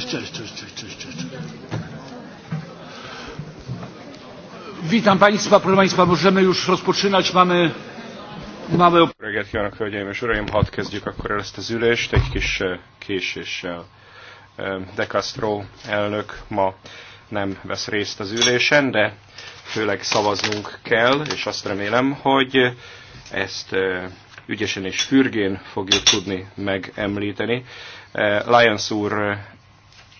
Cześć, cześć, cześć, cześć, cześć, cześć. Witam Państwa, proszę Państwa, możemy już rozpoczynać, mamy... mamy... Reget, kívánok, hölgyeim és uraim, hadd kezdjük akkor el ezt az ülést, egy kis eh, késéssel. Eh, de Castro elnök ma nem vesz részt az ülésen, de főleg szavaznunk kell, és azt remélem, hogy ezt eh, ügyesen és fürgén fogjuk tudni megemlíteni. Lions úr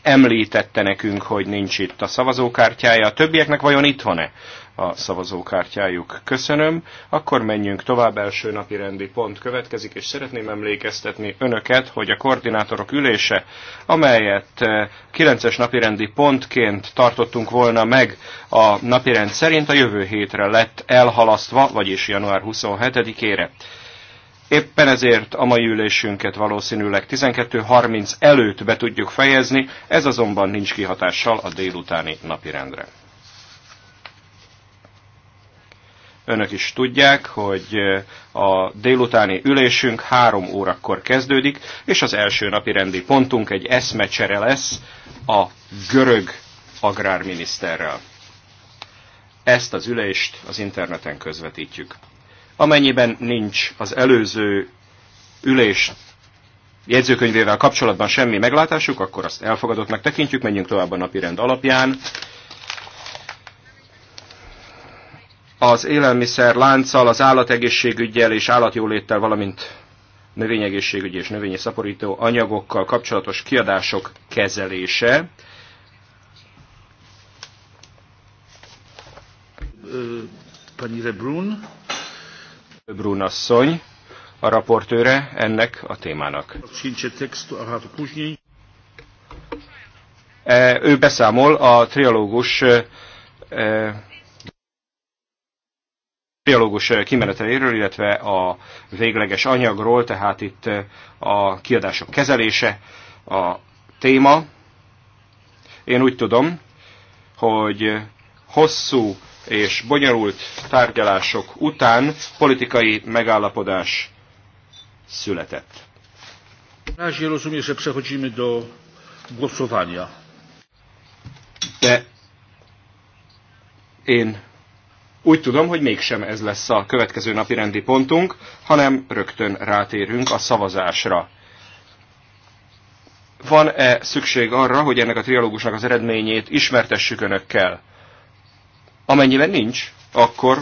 említette nekünk, hogy nincs itt a szavazókártyája. A többieknek vajon itt van e a szavazókártyájuk? Köszönöm. Akkor menjünk tovább. Első napi rendi pont következik, és szeretném emlékeztetni önöket, hogy a koordinátorok ülése, amelyet 9-es eh, napi rendi pontként tartottunk volna meg a napirend szerint, a jövő hétre lett elhalasztva, vagyis január 27-ére. Éppen ezért a mai ülésünket valószínűleg 12.30 előtt be tudjuk fejezni, ez azonban nincs kihatással a délutáni napirendre. Önök is tudják, hogy a délutáni ülésünk három órakor kezdődik, és az első napi rendi pontunk egy eszmecsere lesz a görög agrárminiszterrel. Ezt az ülést az interneten közvetítjük. Amennyiben nincs az előző ülés jegyzőkönyvével kapcsolatban semmi meglátásuk, akkor azt elfogadottnak tekintjük, menjünk tovább a napi rend alapján. Az élelmiszer lánccal, az állategészségügyel és állatjóléttel, valamint növényegészségügyi és növényi szaporító anyagokkal kapcsolatos kiadások kezelése. Pani Rebrun. Brun asszony, a raportőre ennek a témának. E, ő beszámol a triológus e, e, triológus kimeneteléről, illetve a végleges anyagról, tehát itt a kiadások kezelése a téma. Én úgy tudom, hogy hosszú és bonyolult tárgyalások után politikai megállapodás született. De én úgy tudom, hogy mégsem ez lesz a következő napi rendi pontunk, hanem rögtön rátérünk a szavazásra. Van-e szükség arra, hogy ennek a trialógusnak az eredményét ismertessük önökkel? Amennyiben nincs, akkor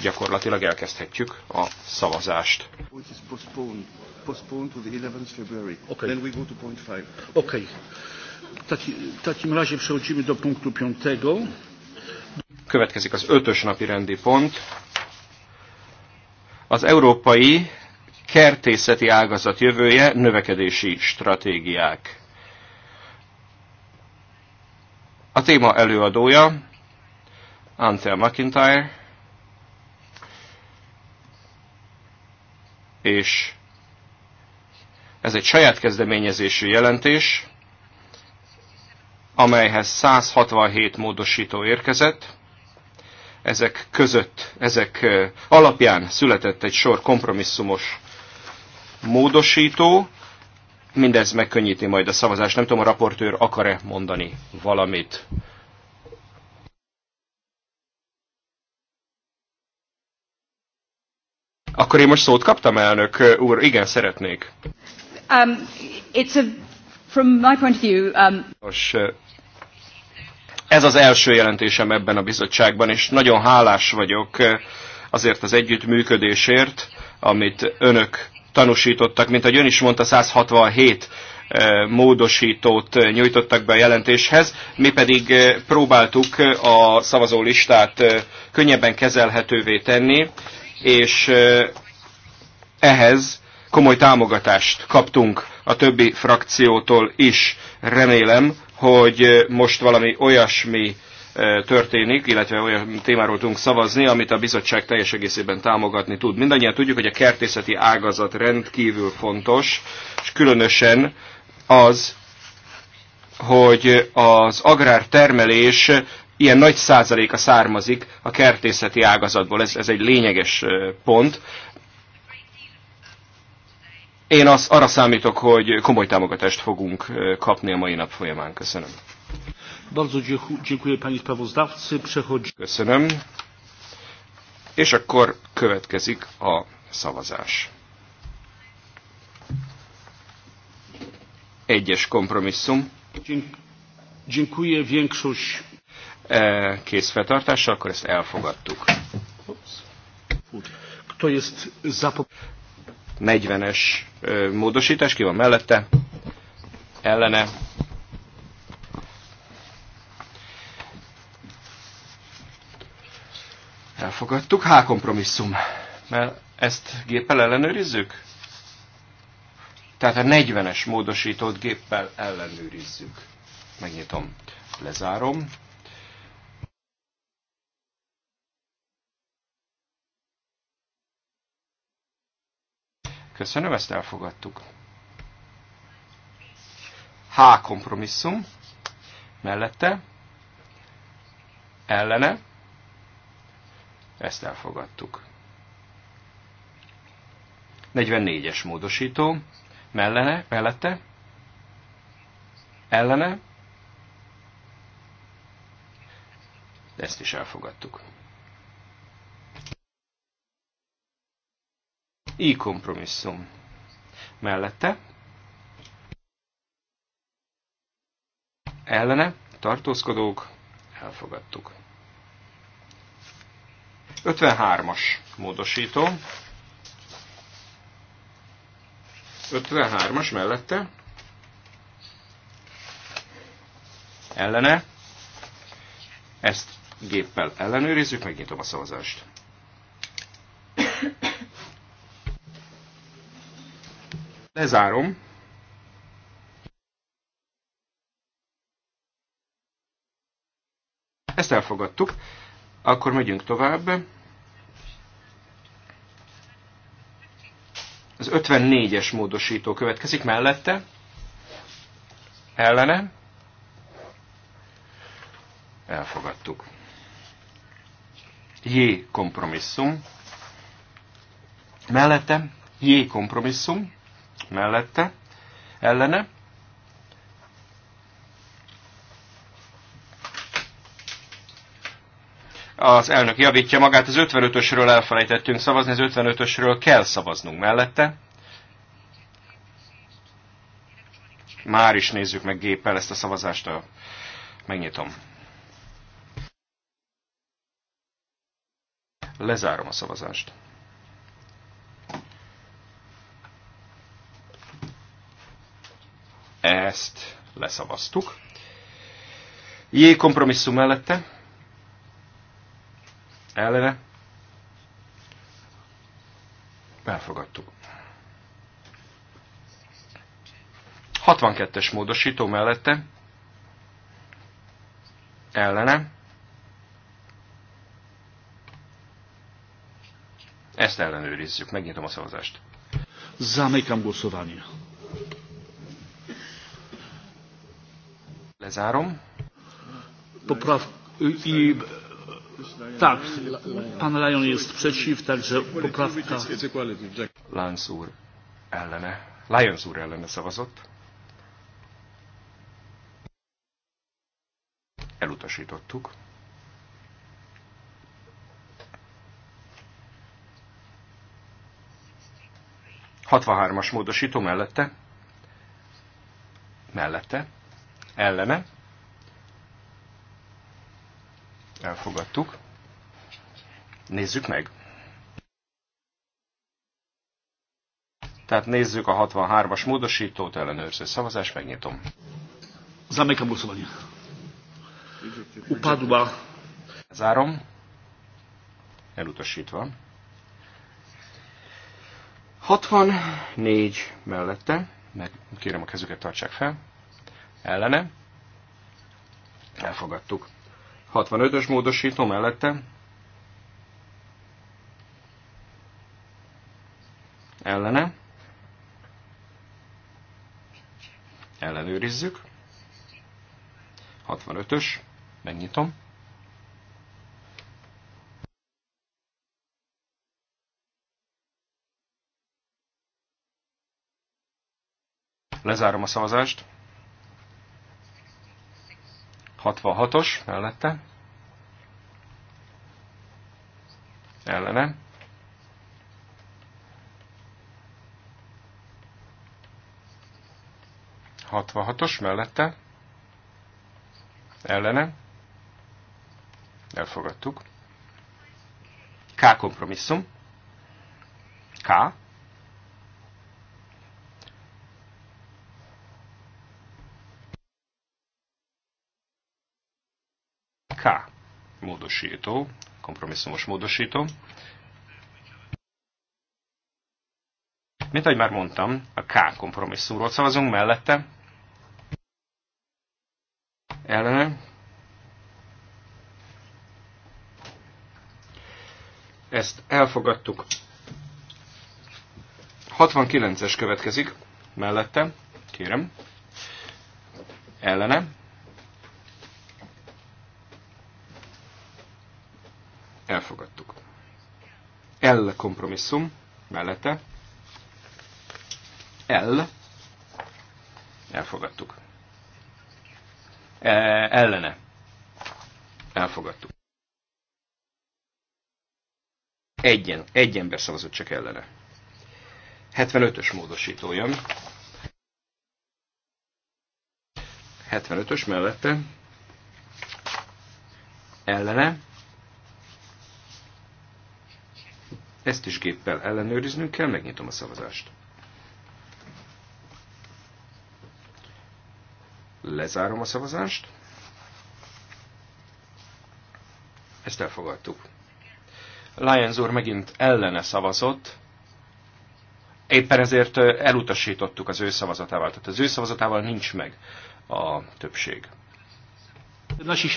gyakorlatilag elkezdhetjük a szavazást. Következik az ötös napi rendi pont. Az európai kertészeti ágazat jövője, növekedési stratégiák. A téma előadója Anthea McIntyre, és ez egy saját kezdeményezésű jelentés, amelyhez 167 módosító érkezett, ezek között, ezek alapján született egy sor kompromisszumos módosító, mindez megkönnyíti majd a szavazást. Nem tudom, a raportőr akar-e mondani valamit. Akkor én most szót kaptam, elnök úr? Igen, szeretnék. Um, it's a, from my point of view, um... Nos, ez az első jelentésem ebben a bizottságban, és nagyon hálás vagyok azért az együttműködésért, amit önök tanúsítottak. Mint ahogy ön is mondta, 167 módosítót nyújtottak be a jelentéshez, mi pedig próbáltuk a szavazólistát könnyebben kezelhetővé tenni, és ehhez komoly támogatást kaptunk a többi frakciótól is. Remélem, hogy most valami olyasmi történik, illetve olyan témáról tudunk szavazni, amit a bizottság teljes egészében támogatni tud. Mindannyian tudjuk, hogy a kertészeti ágazat rendkívül fontos, és különösen az, hogy az agrártermelés ilyen nagy százaléka származik a kertészeti ágazatból. Ez, ez egy lényeges pont. Én az, arra számítok, hogy komoly támogatást fogunk kapni a mai nap folyamán. Köszönöm. Köszönöm. És akkor következik a szavazás. Egyes kompromisszum. Dziękuję większość E, készfeltartással, akkor ezt elfogadtuk. 40-es e, módosítás, ki van mellette? Ellene. Elfogadtuk. H kompromisszum. Mert ezt géppel ellenőrizzük? Tehát a 40-es módosított géppel ellenőrizzük. Megnyitom, lezárom. Köszönöm, ezt elfogadtuk. H kompromisszum, mellette, ellene, ezt elfogadtuk. 44-es módosító, mellene, mellette, ellene, ezt is elfogadtuk. I kompromisszum. Mellette. Ellene. Tartózkodók. Elfogadtuk. 53-as módosító. 53-as mellette. Ellene. Ezt géppel ellenőrizzük, megnyitom a szavazást. Lezárom. Ezt elfogadtuk. Akkor megyünk tovább. Az 54-es módosító következik mellette. Ellene. Elfogadtuk. J kompromisszum. Mellette J kompromisszum mellette, ellene. Az elnök javítja magát, az 55-ösről elfelejtettünk szavazni, az 55-ösről kell szavaznunk mellette. Már is nézzük meg géppel ezt a szavazást, megnyitom. Lezárom a szavazást. Ezt leszavaztuk. Jé kompromisszum mellette. Ellene. Elfogadtuk. 62-es módosító mellette. Ellene. Ezt ellenőrizzük. Megnyitom a szavazást. Zamykam głosowanie. Lezárom. Popraw... I... Tak, pan Lajon jest przeciw, także poprawka... Lance úr ellene, Lions úr ellene szavazott. Elutasítottuk. Hatvahármas módosító mellette. Mellette ellene. Elfogadtuk. Nézzük meg. Tehát nézzük a 63-as módosítót, ellenőrző szavazás, megnyitom. Zamykam głosowanie. Upadba. Zárom. Elutasítva. 64 mellette, meg kérem a kezüket tartsák fel, ellene, elfogadtuk. 65-ös módosító mellette, ellene, ellenőrizzük, 65-ös, megnyitom, Lezárom a szavazást. 66-os mellette. Ellene. hatos mellette. Ellene. Elfogadtuk. K kompromisszum. K módosító, kompromisszumos módosító. Mint ahogy már mondtam, a K kompromisszumról szavazunk mellette. Ellene. Ezt elfogadtuk. 69-es következik mellette. Kérem. Ellene elfogadtuk. L kompromisszum mellette. L elfogadtuk. E, ellene elfogadtuk. Egyen, egy ember szavazott csak ellene. 75-ös módosító jön. 75-ös mellette ellene Ezt is géppel ellenőriznünk kell, megnyitom a szavazást. Lezárom a szavazást. Ezt elfogadtuk. Lions úr megint ellene szavazott, éppen ezért elutasítottuk az ő szavazatával. Tehát az ő szavazatával nincs meg a többség. 17,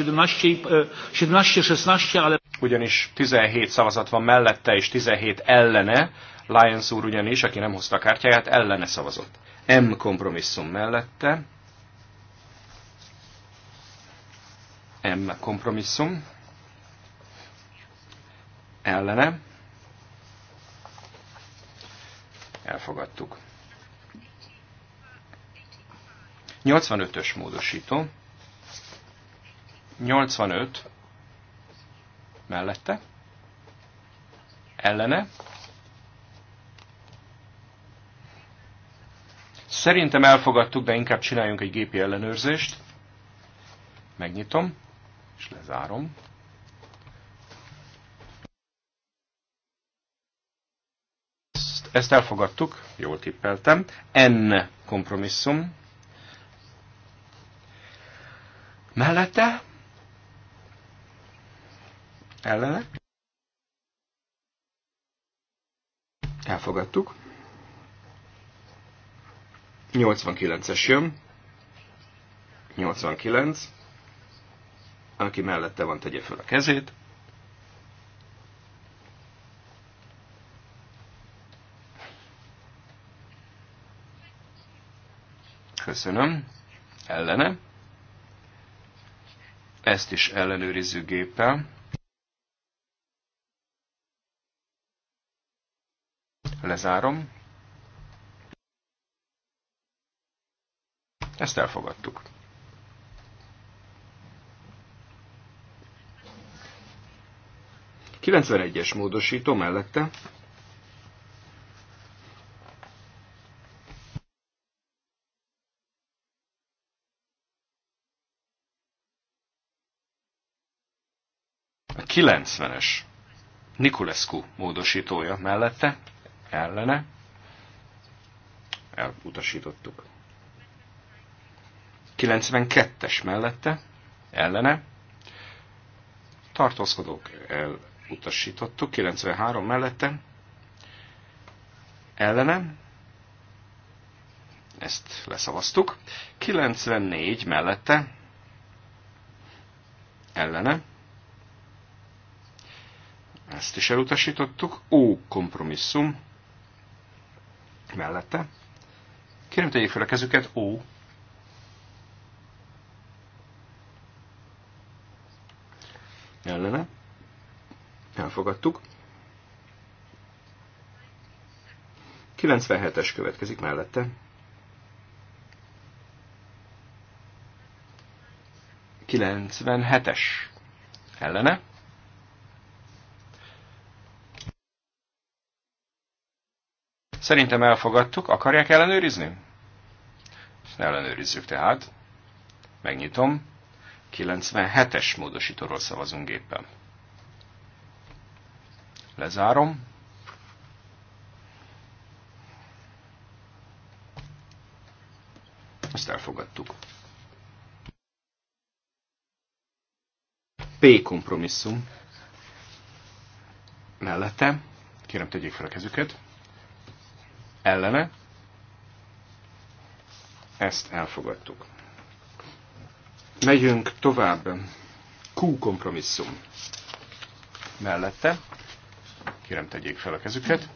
16, 16 ugyanis 17 szavazat van mellette és 17 ellene, Lyons úr ugyanis, aki nem hozta a kártyáját, ellene szavazott. M kompromisszum mellette, M kompromisszum, ellene, elfogadtuk. 85-ös módosító, 85 mellette, ellene. Szerintem elfogadtuk, de inkább csináljunk egy gépi ellenőrzést. Megnyitom, és lezárom. Ezt, ezt elfogadtuk, jól tippeltem. N kompromisszum. Mellette ellene. Elfogadtuk. 89-es jön. 89. Aki mellette van, tegye föl a kezét. Köszönöm. Ellene. Ezt is ellenőrizzük géppel. Lezárom. Ezt elfogadtuk. 91-es módosító mellette a 90-es Nikulescu módosítója mellette ellene, elutasítottuk. 92-es mellette, ellene, tartózkodók elutasítottuk, 93 mellette, ellene, ezt leszavaztuk, 94 mellette, ellene, ezt is elutasítottuk, ó kompromisszum, mellette. Kérem tegyék fel a kezüket, ó. Ellene. Elfogadtuk. 97-es következik mellette. 97-es. Ellene. Szerintem elfogadtuk. Akarják ellenőrizni? Ellenőrizzük tehát. Megnyitom. 97-es módosítóról szavazunk gépen. Lezárom. Ezt elfogadtuk. P kompromisszum mellette. Kérem, tegyék fel a kezüket ellene. Ezt elfogadtuk. Megyünk tovább. Q kompromisszum. Mellette. Kérem, tegyék fel a kezüket.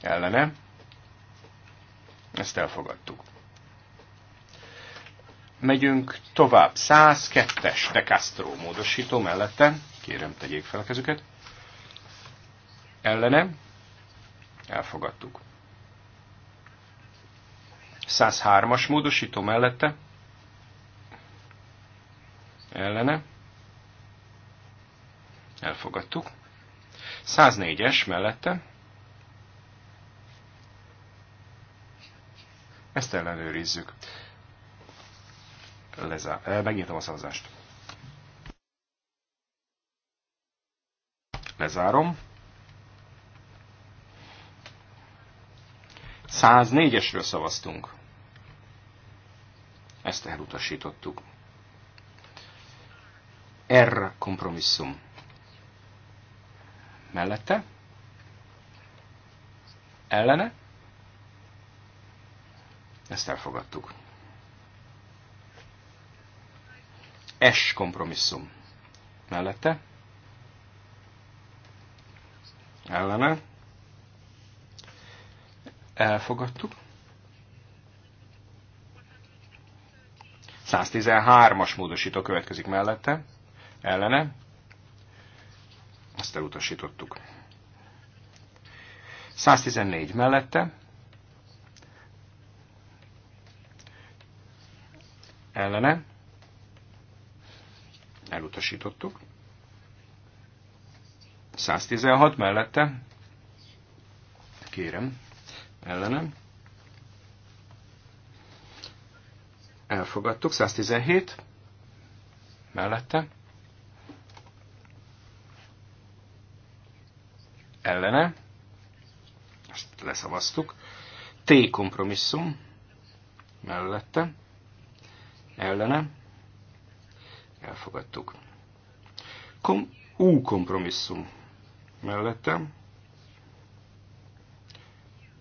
Ellene. Ezt elfogadtuk. Megyünk tovább. 102-es De Castro módosító mellette. Kérem, tegyék fel a kezüket. Ellene. Elfogadtuk. 103-as módosító mellette, ellene, elfogadtuk. 104-es mellette, ezt ellenőrizzük. Lezá... Eh, megnyitom a szavazást. Lezárom. 104-esről szavaztunk. Ezt elutasítottuk. R kompromisszum. Mellette? Ellene? Ezt elfogadtuk. S kompromisszum. Mellette? Ellene? Elfogadtuk. 113-as módosító következik mellette, ellene, ezt elutasítottuk. 114 mellette, ellene, elutasítottuk. 116 mellette, kérem, ellenem, elfogadtuk, 117 mellette, ellene, ezt leszavaztuk, T kompromisszum mellette, ellene, elfogadtuk. Kom U kompromisszum mellette,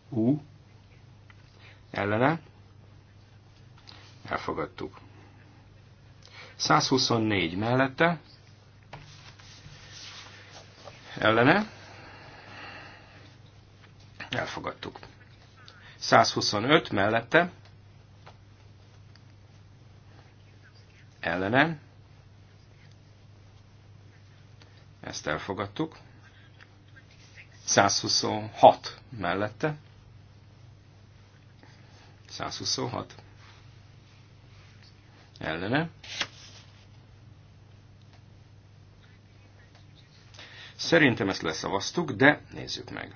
U ellene, Elfogadtuk. 124 mellette. Ellene. Elfogadtuk. 125 mellette. Ellene. Ezt elfogadtuk. 126 mellette. 126 ellene. Szerintem ezt leszavaztuk, de nézzük meg.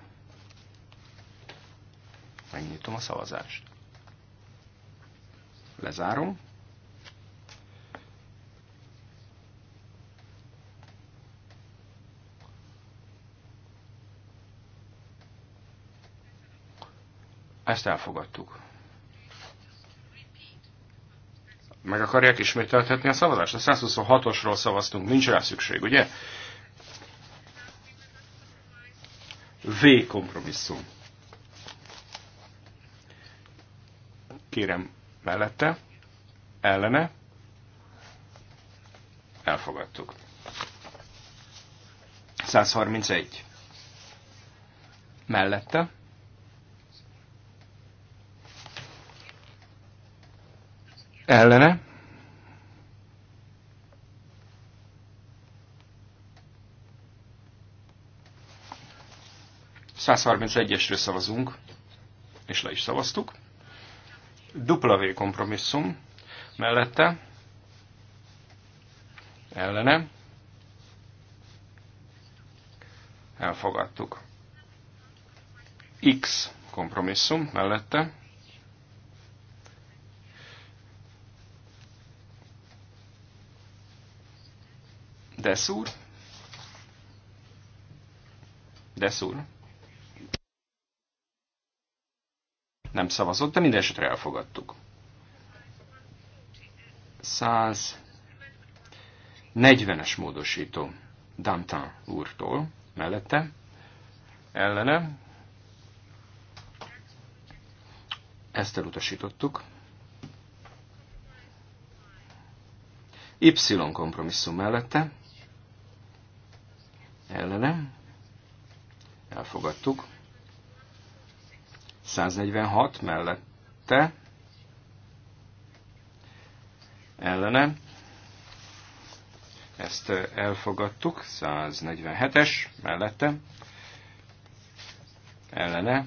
Megnyitom a szavazást. Lezárom. Ezt elfogadtuk. Meg akarják ismételtetni a szavazást? A 126-osról szavaztunk, nincs rá szükség, ugye? V kompromisszum. Kérem, mellette, ellene, elfogadtuk. 131. Mellette, ellene, esről szavazunk, és le is szavaztuk. W kompromisszum mellette, ellene, elfogadtuk. X kompromisszum mellette, Deszúr. Deszúr. Nem szavazott, de minden esetre elfogadtuk. 140-es módosító Dantin úrtól mellette, ellene. Ezt elutasítottuk. Y kompromisszum mellette, ellene, elfogadtuk. 146 mellette, ellene, ezt elfogadtuk, 147-es mellette, ellene,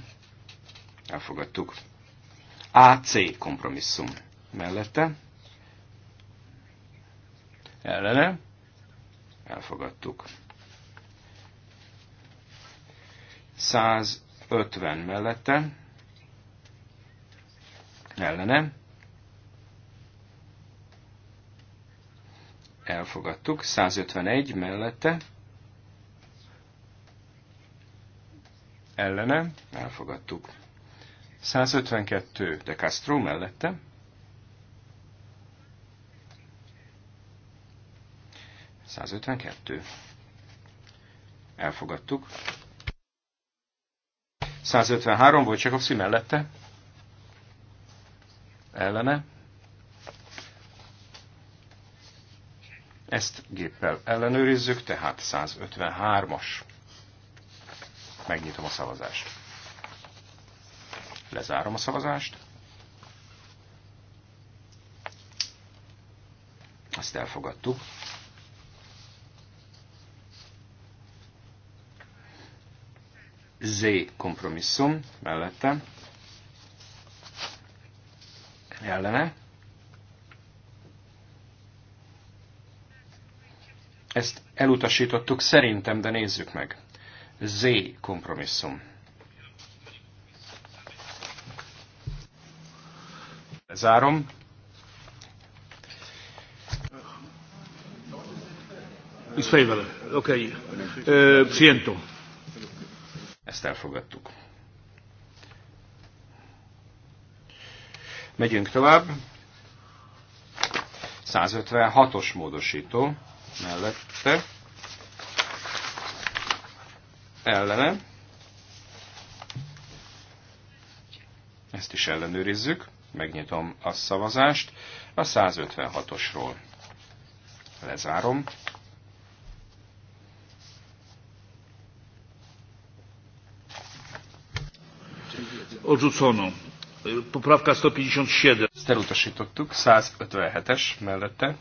elfogadtuk. AC kompromisszum mellette, ellene, elfogadtuk. 150 mellette, ellene, elfogadtuk, 151 mellette, ellene, elfogadtuk. 152 de Castro mellette, Elfogadtuk. 153 volt Csekovszki mellette. Ellene. Ezt géppel ellenőrizzük, tehát 153-as. Megnyitom a szavazást. Lezárom a szavazást. Ezt elfogadtuk. Z kompromisszum mellette ellene. Ezt elutasítottuk szerintem, de nézzük meg. Z kompromisszum. Zárom. Is oké. Okay. Uh, eh, przyjęto ezt elfogadtuk. Megyünk tovább. 156-os módosító mellette ellene. Ezt is ellenőrizzük. Megnyitom a szavazást a 156-osról. Lezárom. odrzucono. Poprawka 157. Elutasítottuk. 157-es mellette.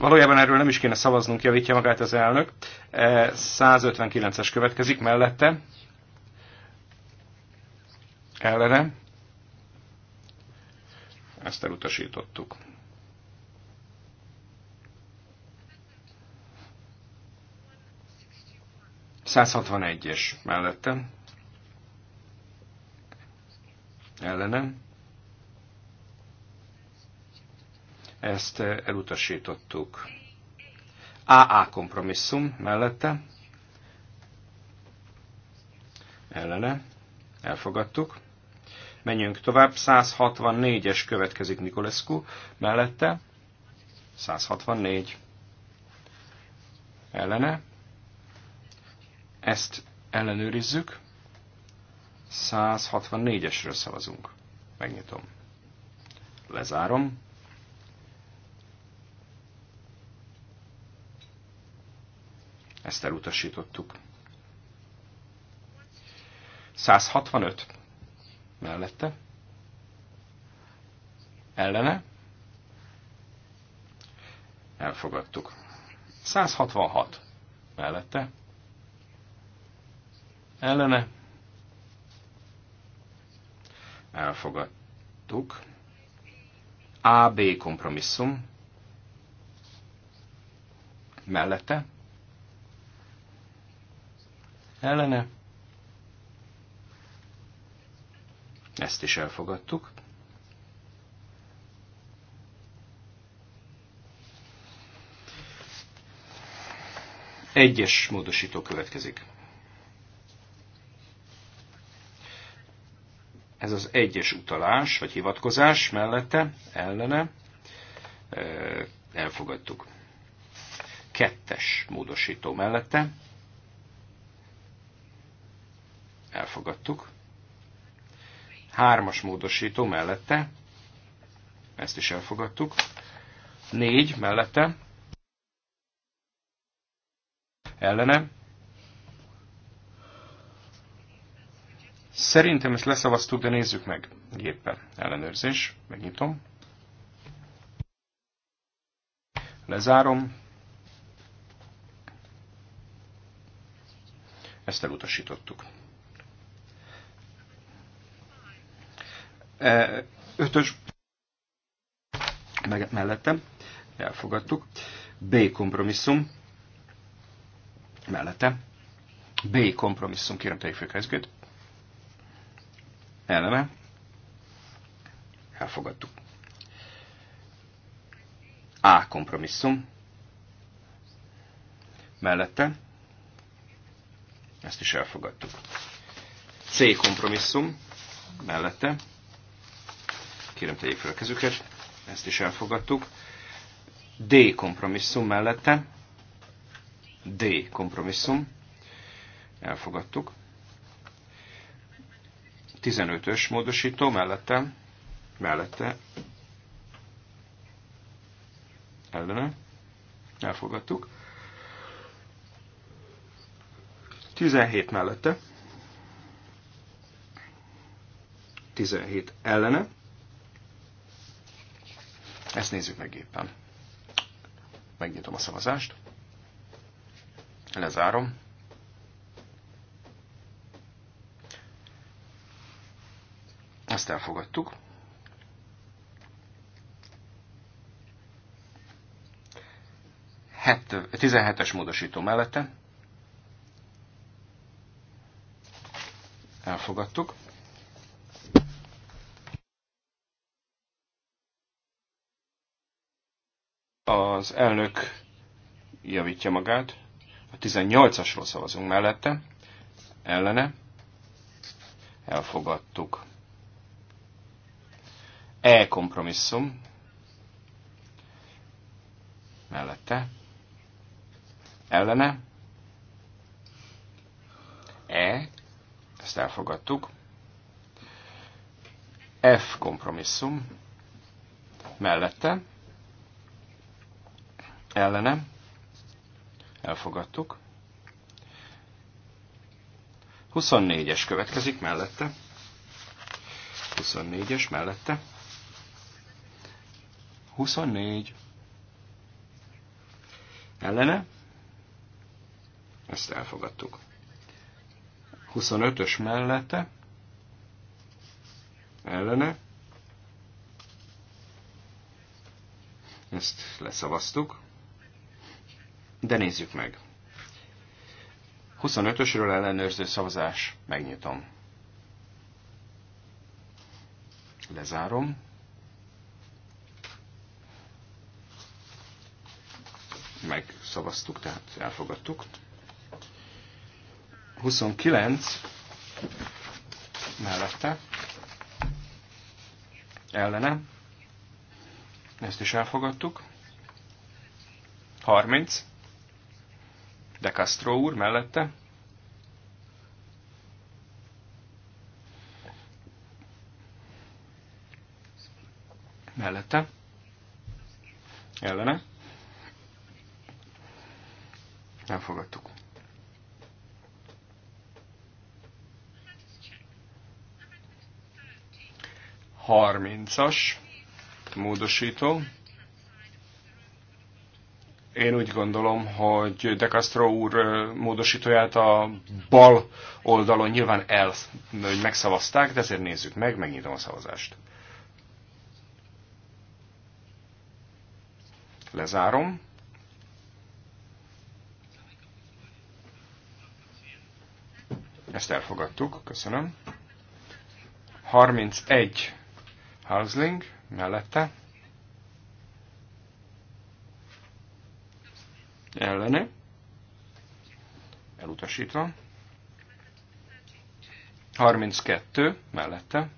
Valójában erről nem is kéne szavaznunk, javítja magát az elnök. 159-es eh, következik mellette, ellene. Ezt elutasítottuk. es mellettem. Ellenem. Ezt elutasítottuk. AA kompromisszum mellette. Ellene. Elfogadtuk. Menjünk tovább, 164-es következik Nikolescu, mellette 164 ellene. Ezt ellenőrizzük, 164-esről szavazunk. Megnyitom. Lezárom. Ezt elutasítottuk. 165 mellette, ellene, elfogadtuk. 166 mellette, ellene, elfogadtuk. AB kompromisszum mellette, ellene, Ezt is elfogadtuk. Egyes módosító következik. Ez az egyes utalás, vagy hivatkozás mellette, ellene elfogadtuk. Kettes módosító mellette elfogadtuk. Hármas módosító mellette, ezt is elfogadtuk. Négy mellette, ellene. Szerintem ezt leszavaztuk, de nézzük meg géppel. Ellenőrzés, megnyitom. Lezárom. Ezt elutasítottuk. E, ötös meg, mellettem, elfogadtuk. B kompromisszum, mellette. B kompromisszum, kérem tegyék fel kezdgőt. Elfogadtuk. A kompromisszum. Mellette. Ezt is elfogadtuk. C kompromisszum. Mellette. Kérem, tegyék fel a kezüket. Ezt is elfogadtuk. D kompromisszum mellette. D kompromisszum. Elfogadtuk. 15-ös módosító mellette. Mellette. Ellene. Elfogadtuk. 17 mellette. 17 ellene. Ezt nézzük meg éppen. Megnyitom a szavazást. Lezárom. Ezt elfogadtuk. Het, 17-es módosító mellette. Elfogadtuk. Az elnök javítja magát. A 18-asról szavazunk mellette. Ellene. Elfogadtuk. E kompromisszum. Mellette. Ellene. E. Ezt elfogadtuk. F kompromisszum. Mellette ellene, elfogadtuk. 24-es következik mellette. 24-es mellette. 24. Ellene. Ezt elfogadtuk. 25-ös mellette. Ellene. Ezt leszavaztuk de nézzük meg. 25-ösről ellenőrző szavazás, megnyitom. Lezárom. Megszavaztuk, tehát elfogadtuk. 29 mellette, ellene, ezt is elfogadtuk. 30 de Castro úr mellette. Mellette. Ellene. Nem fogadtuk. Harmincas módosító én úgy gondolom, hogy De Castro úr módosítóját a bal oldalon nyilván el, hogy megszavazták, de ezért nézzük meg, megnyitom a szavazást. Lezárom. Ezt elfogadtuk, köszönöm. 31 Hausling mellette. ellene, elutasítva, 32 mellette,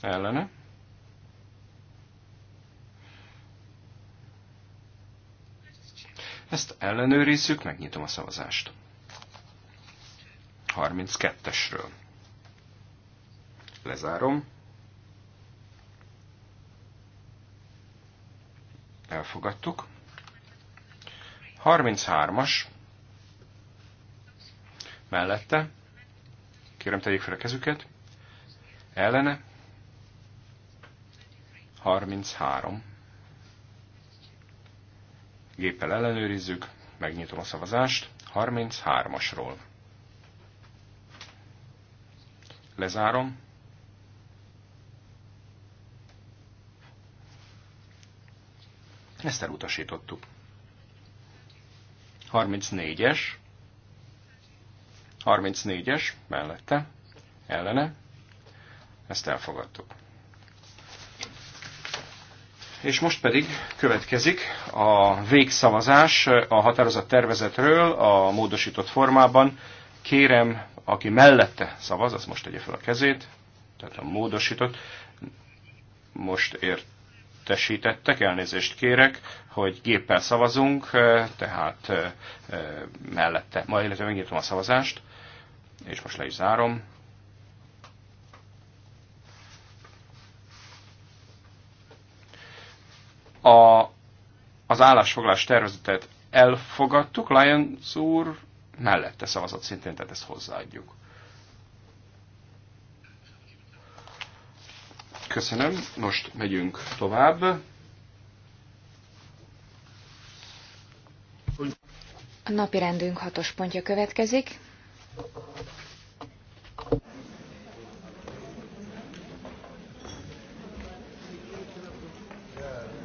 ellene, Ezt ellenőrizzük, megnyitom a szavazást. 32-esről. Lezárom. Elfogadtuk. 33-as mellette, kérem tegyék fel a kezüket, ellene, 33. Géppel ellenőrizzük, megnyitom a szavazást, 33-asról. Lezárom. Ezt elutasítottuk. 34-es, 34-es mellette, ellene, ezt elfogadtuk. És most pedig következik a végszavazás a határozat tervezetről a módosított formában. Kérem, aki mellette szavaz, az most tegye fel a kezét, tehát a módosított. Most ért helyettesítettek, elnézést kérek, hogy géppel szavazunk, tehát mellette, ma illetve megnyitom a szavazást, és most le is zárom. A, az állásfoglalás tervezetet elfogadtuk, Lions úr mellette szavazott szintén, tehát ezt hozzáadjuk. Köszönöm, most megyünk tovább. A napi rendünk hatos pontja következik.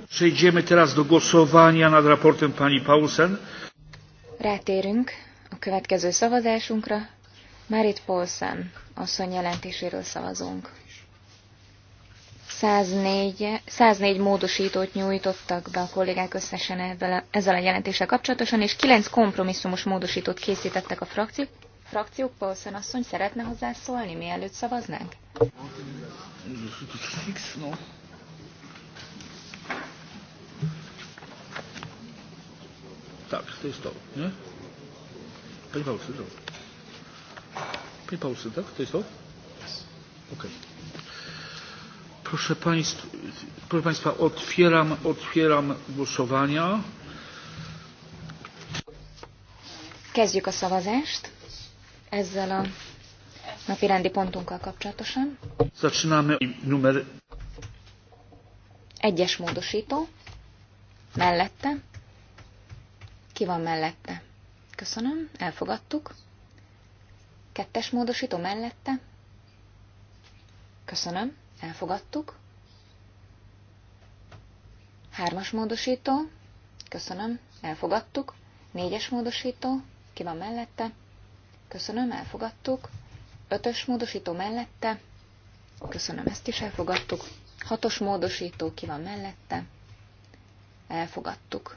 Przejdziemy teraz do głosowania nad raportem pani Paulsen. Rátérünk a következő szavazásunkra. Marit Paulsen asszony jelentéséről szavazunk. 104, 104 módosítót nyújtottak be a kollégák összesen a, ezzel a jelentéssel kapcsolatosan, és 9 kompromisszumos módosítót készítettek a frakciók. Frakciók Paulson asszony szeretne hozzászólni, mielőtt szavaznánk? Tak, to jest to, nie? Pani Paulsen, to. Pani Paulsen, tak? To jest to? Okay. Proszę, Państwa, otwieram, otwieram głosowania. Kezdjük a szavazást ezzel a napi rendi pontunkkal kapcsolatosan. Zaczynamy numer... Egyes módosító. Mellette. Ki van mellette? Köszönöm, elfogadtuk. Kettes módosító mellette. Köszönöm, Elfogadtuk. Hármas módosító. Köszönöm. Elfogadtuk. Négyes módosító. Ki van mellette? Köszönöm. Elfogadtuk. Ötös módosító mellette. Köszönöm. Ezt is elfogadtuk. Hatos módosító. Ki van mellette? Elfogadtuk.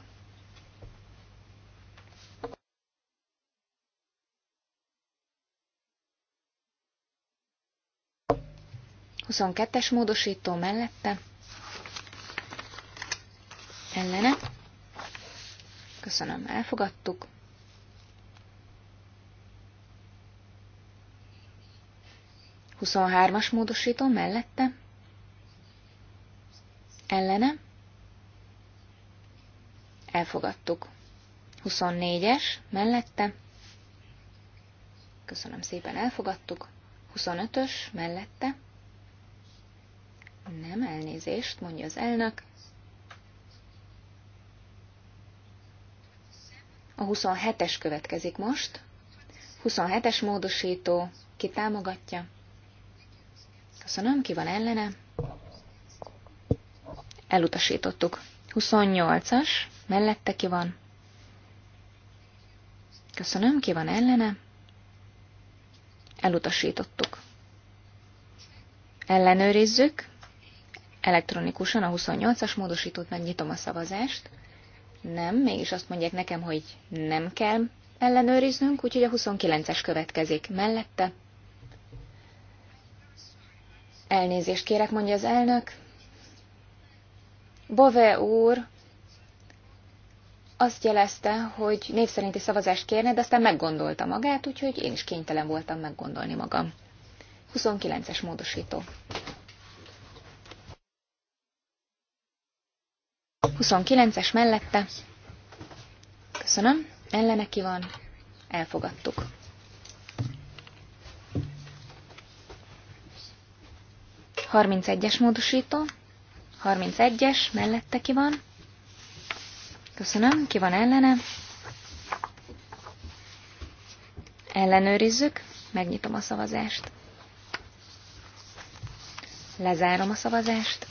22-es módosító mellette. Ellene. Köszönöm, elfogadtuk. Huszonhármas módosító mellette. Ellene. Elfogadtuk. 24-es mellette. Köszönöm szépen, elfogadtuk. 25-ös mellette. Nem, elnézést, mondja az elnök. A 27-es következik most. 27-es módosító. Ki támogatja? Köszönöm, ki van ellene? Elutasítottuk. 28-as. Mellette ki van? Köszönöm, ki van ellene? Elutasítottuk. Ellenőrizzük elektronikusan a 28-as módosítót megnyitom a szavazást. Nem, mégis azt mondják nekem, hogy nem kell ellenőriznünk, úgyhogy a 29-es következik mellette. Elnézést kérek, mondja az elnök. Bove úr azt jelezte, hogy név szerinti szavazást kérne, de aztán meggondolta magát, úgyhogy én is kénytelen voltam meggondolni magam. 29-es módosító. 29-es mellette. Köszönöm. Ellene ki van. Elfogadtuk. Harmincegyes módosító. Harminc egyes mellette ki van. Köszönöm, ki van ellene. Ellenőrizzük, megnyitom a szavazást. Lezárom a szavazást.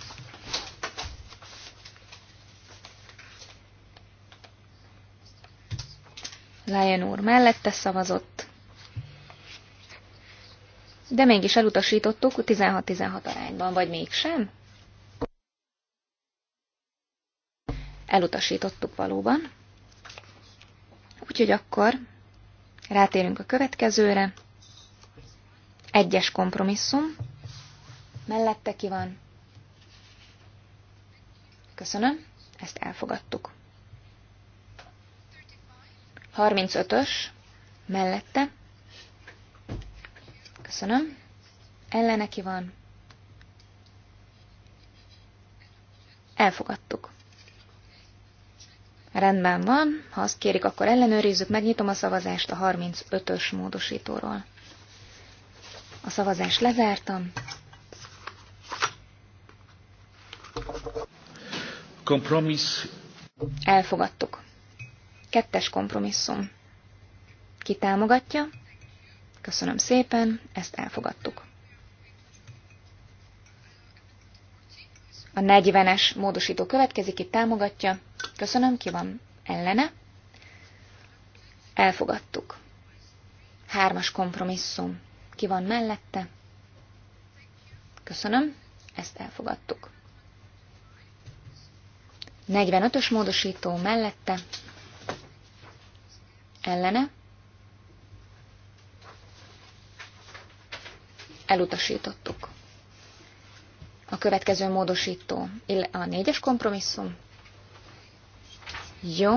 Lyon úr mellette szavazott, de mégis elutasítottuk 16-16 arányban, vagy mégsem? Elutasítottuk valóban. Úgyhogy akkor rátérünk a következőre. Egyes kompromisszum. Mellette ki van? Köszönöm, ezt elfogadtuk. 35-ös mellette. Köszönöm. Ellene ki van. Elfogadtuk. Rendben van, ha azt kérik, akkor ellenőrizzük, megnyitom a szavazást a 35-ös módosítóról. A szavazást lezártam. Kompromiss. Elfogadtuk. Kettes kompromisszum. Ki támogatja? Köszönöm szépen, ezt elfogadtuk. A 40-es módosító következik, itt támogatja. Köszönöm, ki van ellene? Elfogadtuk. Hármas kompromisszum. Ki van mellette? Köszönöm, ezt elfogadtuk. 45-ös módosító mellette ellene, elutasítottuk. A következő módosító, a négyes kompromisszum. Jó,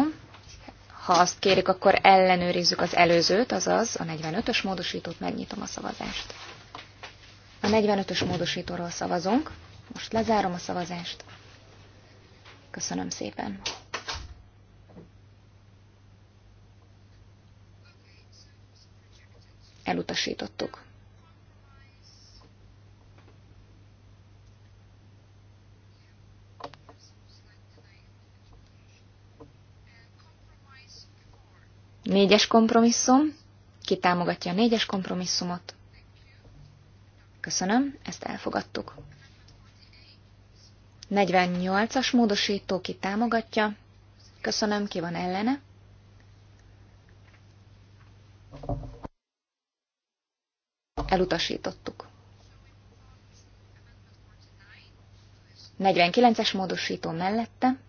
ha azt kérik, akkor ellenőrizzük az előzőt, azaz a 45-ös módosítót, megnyitom a szavazást. A 45-ös módosítóról szavazunk. Most lezárom a szavazást. Köszönöm szépen. elutasítottuk. Négyes kompromisszum. Ki támogatja a négyes kompromisszumot? Köszönöm, ezt elfogadtuk. 48-as módosító ki támogatja? Köszönöm, ki van ellene? Elutasítottuk. 49-es módosító mellette.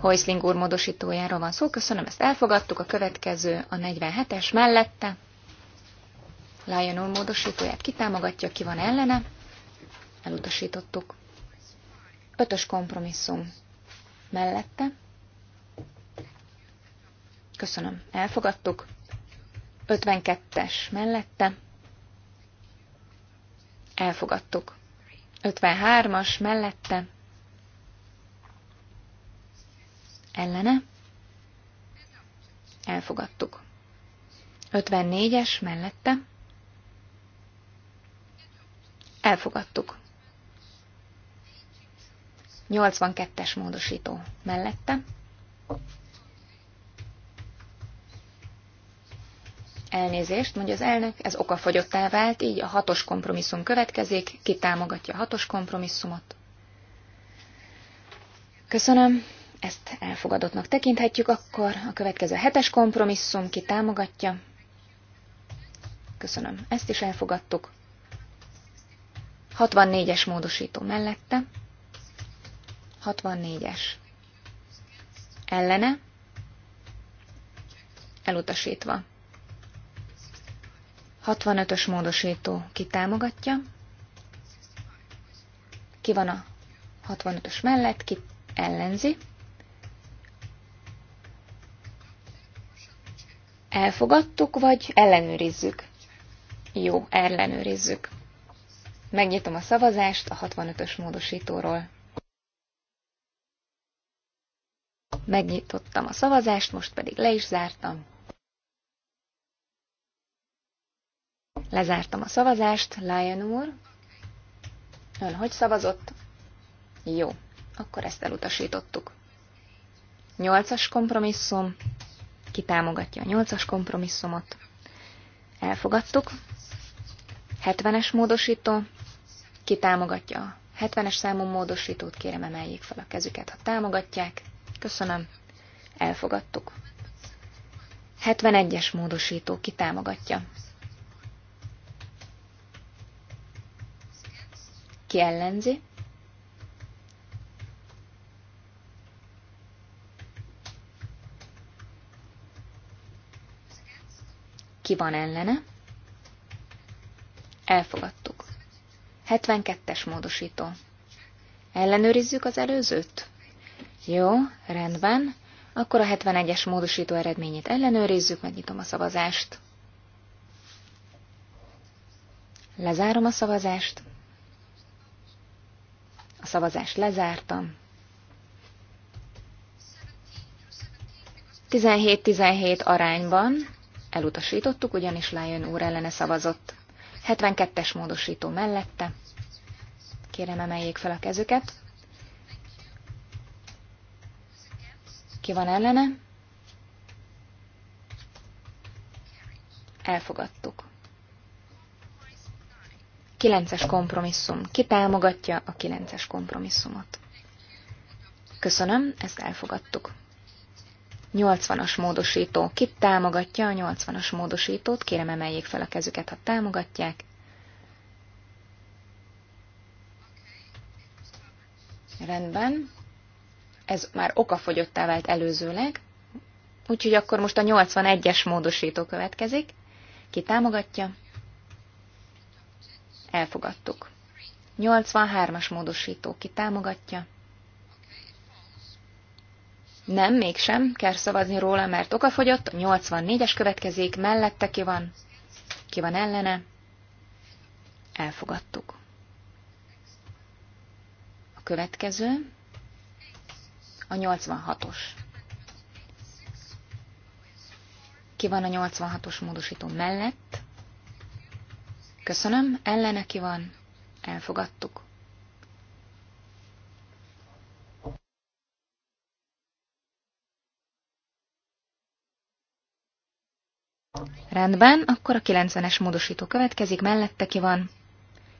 Hoisling úr módosítójáról van szó, köszönöm, ezt elfogadtuk. A következő a 47-es mellette. Lion úr módosítóját kitámogatja, ki van ellene. Elutasítottuk. Ötös kompromisszum mellette. Köszönöm, elfogadtuk. 52-es mellette. Elfogadtuk. 53-as mellette. Ellene. Elfogadtuk. 54-es mellette. Elfogadtuk. 82-es módosító mellette. Elnézést, mondja az elnök, ez okafogyottá vált, így a hatos kompromisszum következik. Ki támogatja a hatos kompromisszumot? Köszönöm, ezt elfogadottnak tekinthetjük, akkor a következő hetes kompromisszum, ki támogatja? Köszönöm, ezt is elfogadtuk. 64-es módosító mellette. 64-es. Ellene. Elutasítva. 65-ös módosító ki támogatja, ki van a 65-ös mellett, ki ellenzi. Elfogadtuk, vagy ellenőrizzük? Jó, ellenőrizzük. Megnyitom a szavazást a 65-ös módosítóról. Megnyitottam a szavazást, most pedig le is zártam. Lezártam a szavazást, Lion úr. Ön hogy szavazott? Jó, akkor ezt elutasítottuk. Nyolcas kompromisszum. Ki támogatja a nyolcas kompromisszumot? Elfogadtuk. 70-es módosító. Ki támogatja a 70-es számú módosítót? Kérem, emeljék fel a kezüket, ha támogatják. Köszönöm. Elfogadtuk. 71-es módosító. Ki támogatja? Ki ellenzi? Ki van ellene? Elfogadtuk. 72-es módosító. Ellenőrizzük az előzőt? Jó, rendben. Akkor a 71-es módosító eredményét ellenőrizzük, megnyitom a szavazást. Lezárom a szavazást. A szavazást lezártam. 17-17 arányban elutasítottuk, ugyanis Lion úr ellene szavazott. 72-es módosító mellette. Kérem, emeljék fel a kezüket. Ki van ellene? Elfogadtuk. Kilences kompromisszum. Ki támogatja a kilences kompromisszumot? Köszönöm, ezt elfogadtuk. 80-as módosító. Ki támogatja a 80-as módosítót? Kérem emeljék fel a kezüket, ha támogatják. Rendben. Ez már okafogyottá vált előzőleg. Úgyhogy akkor most a 81-es módosító következik. Ki támogatja? Elfogadtuk. 83-as módosító ki támogatja? Nem, mégsem. Kell szavazni róla, mert okafogyott. 84-es következik, mellette ki van? Ki van ellene? Elfogadtuk. A következő a 86-os. Ki van a 86-os módosító mellett? Köszönöm, ellene ki van, elfogadtuk. Rendben, akkor a 90-es módosító következik, mellette ki van.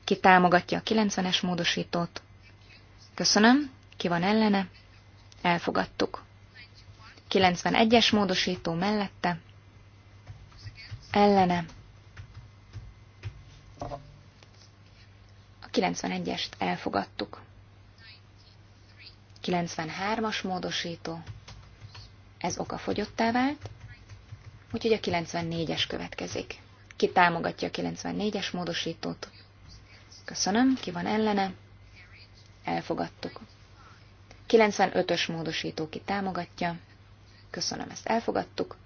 Ki támogatja a 90-es módosítót? Köszönöm, ki van ellene? Elfogadtuk. 91-es módosító mellette? Ellene 91-est elfogadtuk. 93-as módosító. Ez oka fogyottá vált, úgyhogy a 94-es következik. Ki támogatja a 94-es módosítót? Köszönöm, ki van ellene? Elfogadtuk. 95-ös módosító ki támogatja? Köszönöm, ezt elfogadtuk.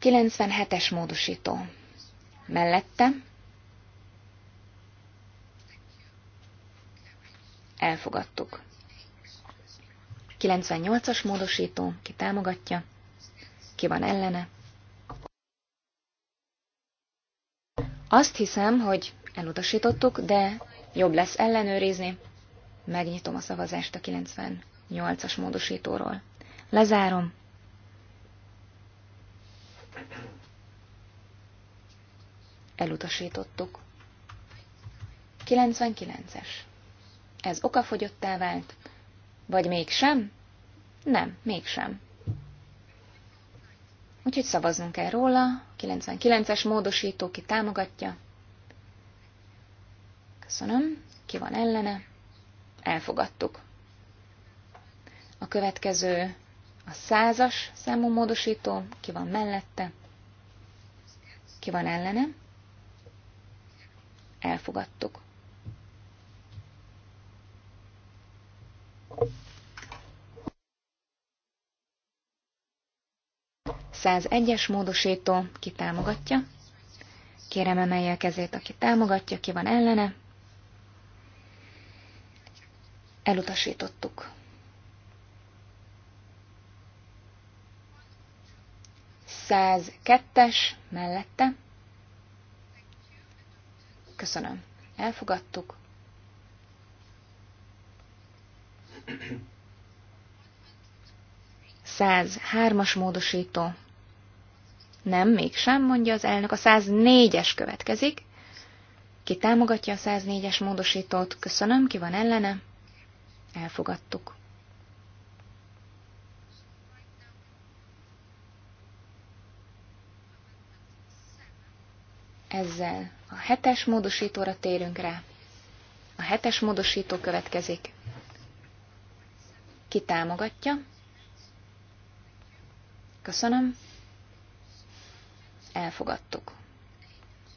97-es módosító. Mellette elfogadtuk. 98-as módosító, ki támogatja, ki van ellene. Azt hiszem, hogy elutasítottuk, de jobb lesz ellenőrizni. Megnyitom a szavazást a 98-as módosítóról. Lezárom. Elutasítottuk. 99-es ez okafogyottá vált, vagy mégsem? Nem, mégsem. Úgyhogy szavaznunk kell róla, 99-es módosító, ki támogatja. Köszönöm, ki van ellene? Elfogadtuk. A következő a százas számú módosító, ki van mellette, ki van ellene? Elfogadtuk. 101-es módosító, ki támogatja. Kérem emelje a kezét, aki támogatja, ki van ellene. Elutasítottuk. 102-es mellette. Köszönöm. Elfogadtuk. 103-as módosító. Nem, mégsem, mondja az elnök. A 104-es következik. Ki támogatja a 104-es módosítót? Köszönöm, ki van ellene? Elfogadtuk. Ezzel a hetes módosítóra térünk rá. A hetes módosító következik. Ki támogatja? Köszönöm. Elfogadtuk.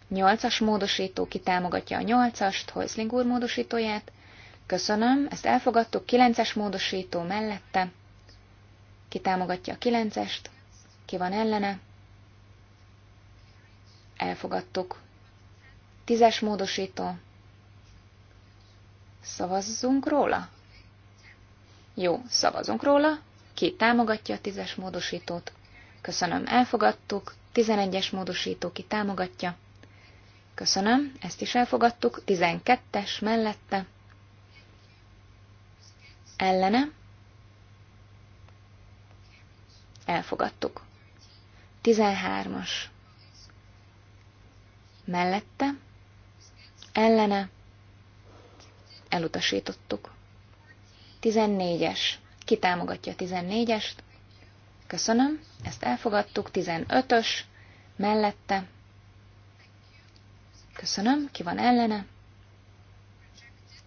Nyolcas módosító, ki támogatja a nyolcast, Holzling úr módosítóját? Köszönöm, ezt elfogadtuk, kilences módosító mellette. Ki támogatja a kilencest? Ki van ellene? Elfogadtuk. Tízes módosító. Szavazzunk róla? Jó, szavazunk róla. Ki támogatja a tízes módosítót? Köszönöm, elfogadtuk. Tizenegyes módosító ki támogatja? Köszönöm, ezt is elfogadtuk. Tizenkettes mellette. Ellene. Elfogadtuk. Tizenhármas. Mellette. Ellene. Elutasítottuk. 14-es. Ki támogatja a 14-est? Köszönöm, ezt elfogadtuk. 15-ös, mellette. Köszönöm, ki van ellene?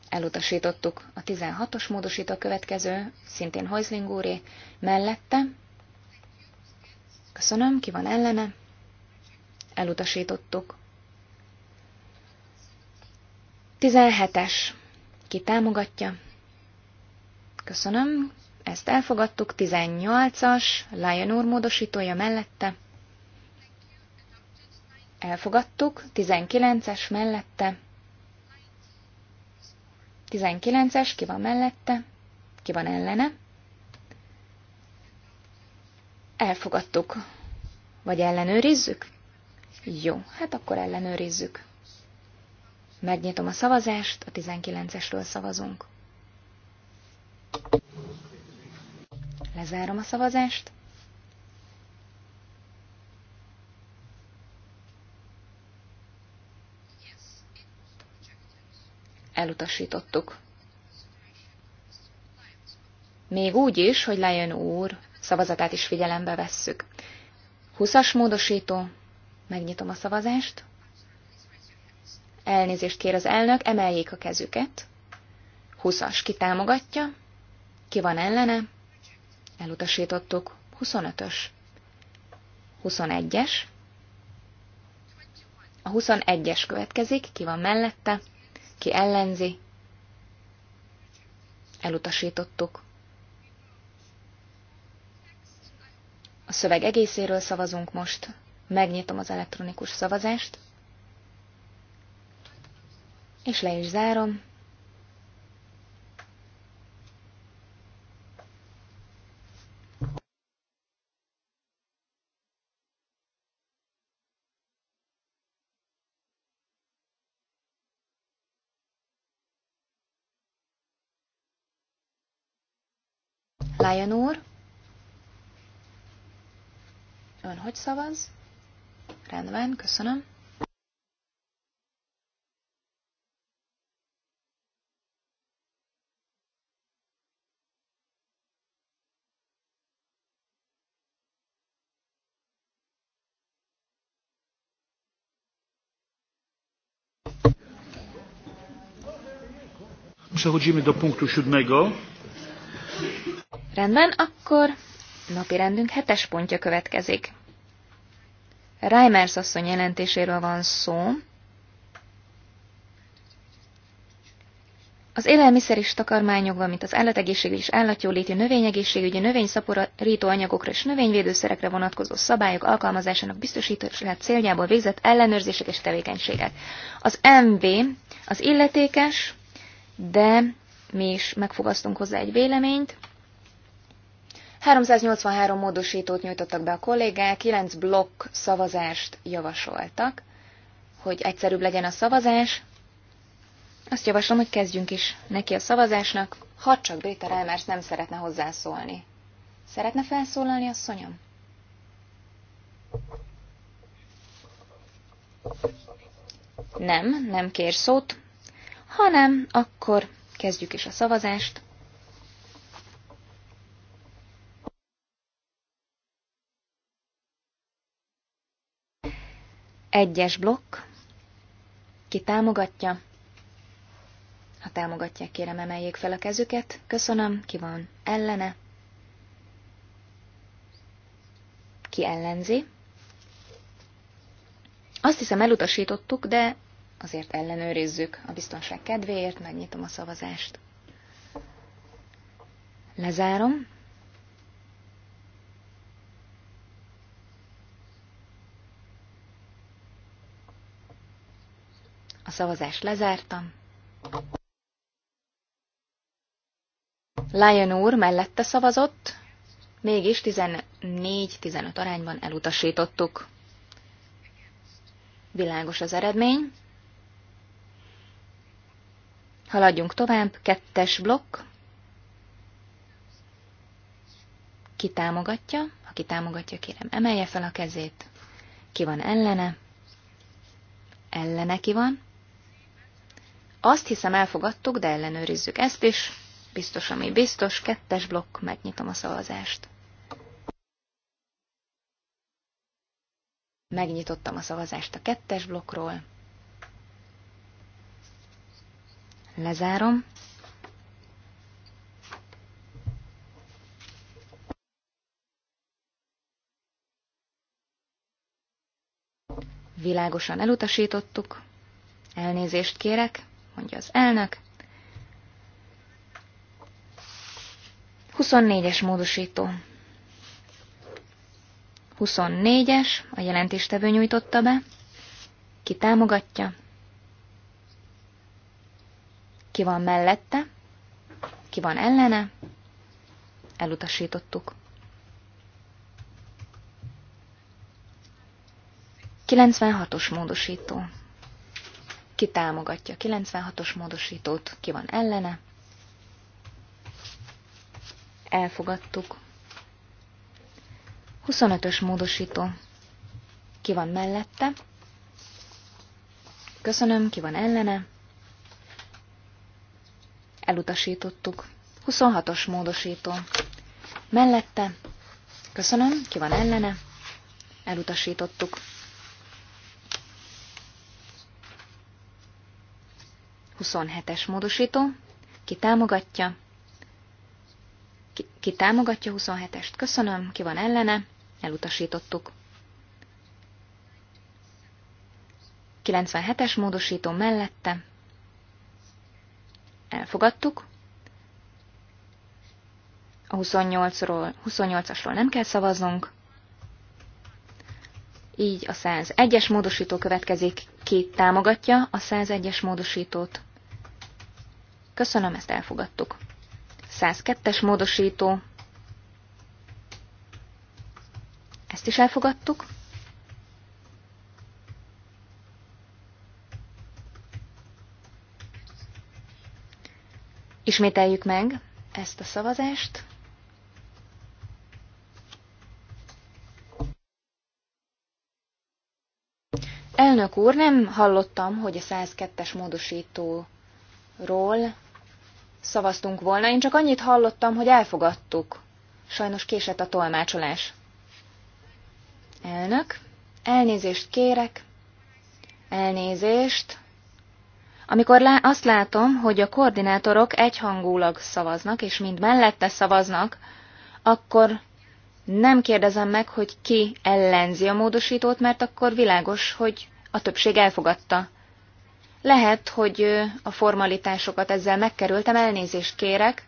Elutasítottuk a 16-os módosító következő, szintén Hojzling úré, mellette. Köszönöm, ki van ellene? Elutasítottuk. 17-es, ki támogatja? Köszönöm. Ezt elfogadtuk. 18-as Lion úr módosítója mellette. Elfogadtuk. 19-es mellette. 19-es ki van mellette, ki van ellene. Elfogadtuk. Vagy ellenőrizzük? Jó, hát akkor ellenőrizzük. Megnyitom a szavazást, a 19-esről szavazunk. Lezárom a szavazást. Elutasítottuk. Még úgy is, hogy lejön úr szavazatát is figyelembe vesszük. 20-as módosító. Megnyitom a szavazást. Elnézést kér az elnök, emeljék a kezüket. 20-as kitámogatja. Ki van ellene? Elutasítottuk. 25-ös. 21-es. A 21-es következik, ki van mellette, ki ellenzi. Elutasítottuk. A szöveg egészéről szavazunk most. Megnyitom az elektronikus szavazást. És le is zárom. Lion úr, ön hogy szavaz? Rendben, köszönöm. Przechodzimy do punktu siódmego. Rendben, akkor napi rendünk hetes pontja következik. Reimers asszony jelentéséről van szó. Az élelmiszer és takarmányok, mint az állategészségügyi és állatjóléti növényegészségügyi növényszaporító anyagokra és növényvédőszerekre vonatkozó szabályok alkalmazásának biztosítását céljából végzett ellenőrzések és tevékenységek. Az MV az illetékes, de mi is megfogasztunk hozzá egy véleményt, 383 módosítót nyújtottak be a kollégák, 9 blokk szavazást javasoltak, hogy egyszerűbb legyen a szavazás. Azt javaslom, hogy kezdjünk is neki a szavazásnak, ha csak Brita Reimers nem szeretne hozzászólni. Szeretne felszólalni, asszonyom? Nem, nem kér szót, hanem akkor kezdjük is a szavazást. Egyes blokk. Ki támogatja? Ha támogatják, kérem emeljék fel a kezüket. Köszönöm. Ki van ellene? Ki ellenzi? Azt hiszem elutasítottuk, de azért ellenőrizzük. A biztonság kedvéért megnyitom a szavazást. Lezárom. szavazást lezártam. Lion úr mellette szavazott, mégis 14-15 arányban elutasítottuk. Világos az eredmény. Haladjunk tovább, kettes blokk. Ki támogatja? Ha ki támogatja, kérem, emelje fel a kezét. Ki van ellene? Ellene ki van? Azt hiszem elfogadtuk, de ellenőrizzük ezt is. Biztos, ami biztos, kettes blokk, megnyitom a szavazást. Megnyitottam a szavazást a kettes blokkról. Lezárom. Világosan elutasítottuk. Elnézést kérek mondja az elnök. 24-es módosító. 24-es, a jelentéstevő nyújtotta be. Ki támogatja? Ki van mellette? Ki van ellene? Elutasítottuk. 96-os módosító. Ki támogatja 96-os módosítót, ki van ellene? Elfogadtuk. 25-ös módosító. Ki van mellette? Köszönöm, ki van ellene? Elutasítottuk. 26-os módosító. Mellette? Köszönöm, ki van ellene? Elutasítottuk. 27-es módosító. Ki támogatja? Ki, ki támogatja 27-est? Köszönöm. Ki van ellene? Elutasítottuk. 97-es módosító mellette. Elfogadtuk. A 28-ról, 28-asról nem kell szavaznunk. Így a 101-es módosító következik. Ki támogatja a 101-es módosítót? Köszönöm, ezt elfogadtuk. 102-es módosító. Ezt is elfogadtuk. Ismételjük meg ezt a szavazást. Elnök úr, nem hallottam, hogy a 102-es módosító ról szavaztunk volna. Én csak annyit hallottam, hogy elfogadtuk. Sajnos késett a tolmácsolás. Elnök, elnézést kérek. Elnézést. Amikor lá- azt látom, hogy a koordinátorok egyhangulag szavaznak, és mind mellette szavaznak, akkor nem kérdezem meg, hogy ki ellenzi a módosítót, mert akkor világos, hogy a többség elfogadta. Lehet, hogy a formalitásokat ezzel megkerültem, elnézést kérek,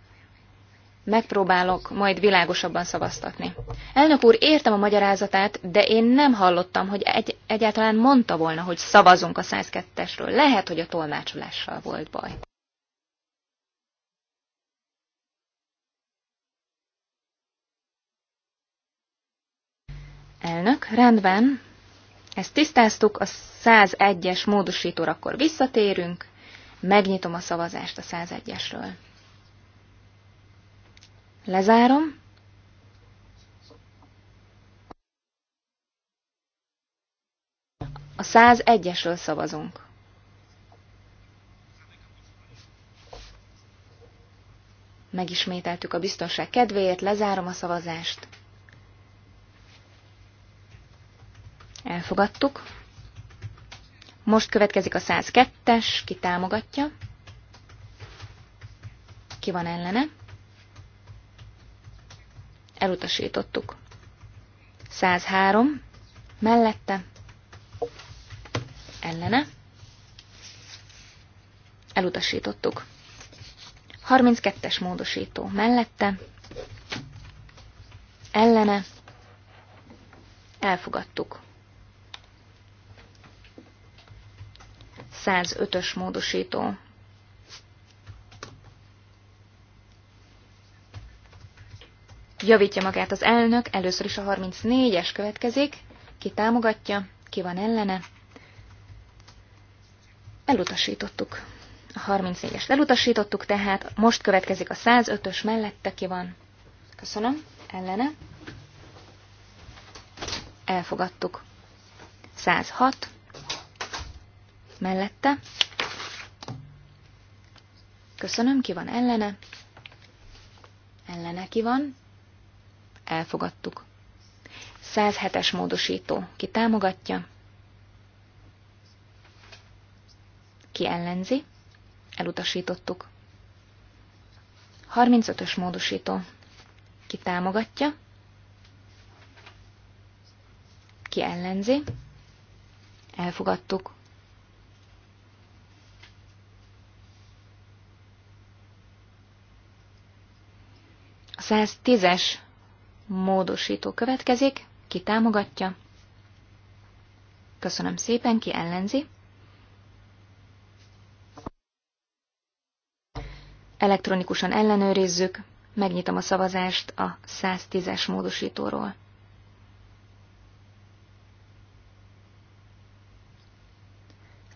megpróbálok majd világosabban szavaztatni. Elnök úr, értem a magyarázatát, de én nem hallottam, hogy egy, egyáltalán mondta volna, hogy szavazunk a 102-esről. Lehet, hogy a tolmácsolással volt baj. Elnök, rendben, ezt tisztáztuk, a 101-es módosítóra akkor visszatérünk, megnyitom a szavazást a 101-esről. Lezárom. A 101-esről szavazunk. Megismételtük a biztonság kedvéért, lezárom a szavazást. Elfogadtuk. Most következik a 102-es, ki támogatja. Ki van ellene? Elutasítottuk. 103, mellette, ellene. Elutasítottuk. 32-es módosító mellette, ellene, elfogadtuk. 105-ös módosító. Javítja magát az elnök, először is a 34-es következik. Ki támogatja, ki van ellene. Elutasítottuk. A 34-est elutasítottuk, tehát most következik a 105-ös mellette, ki van. Köszönöm, ellene. Elfogadtuk. 106 mellette. Köszönöm, ki van ellene? Ellene ki van? Elfogadtuk. 107-es módosító. Ki támogatja? Ki ellenzi? Elutasítottuk. 35-ös módosító. Ki támogatja? Ki ellenzi? Elfogadtuk. 110-es módosító következik, ki támogatja. Köszönöm szépen, ki ellenzi. Elektronikusan ellenőrizzük, megnyitom a szavazást a 110-es módosítóról.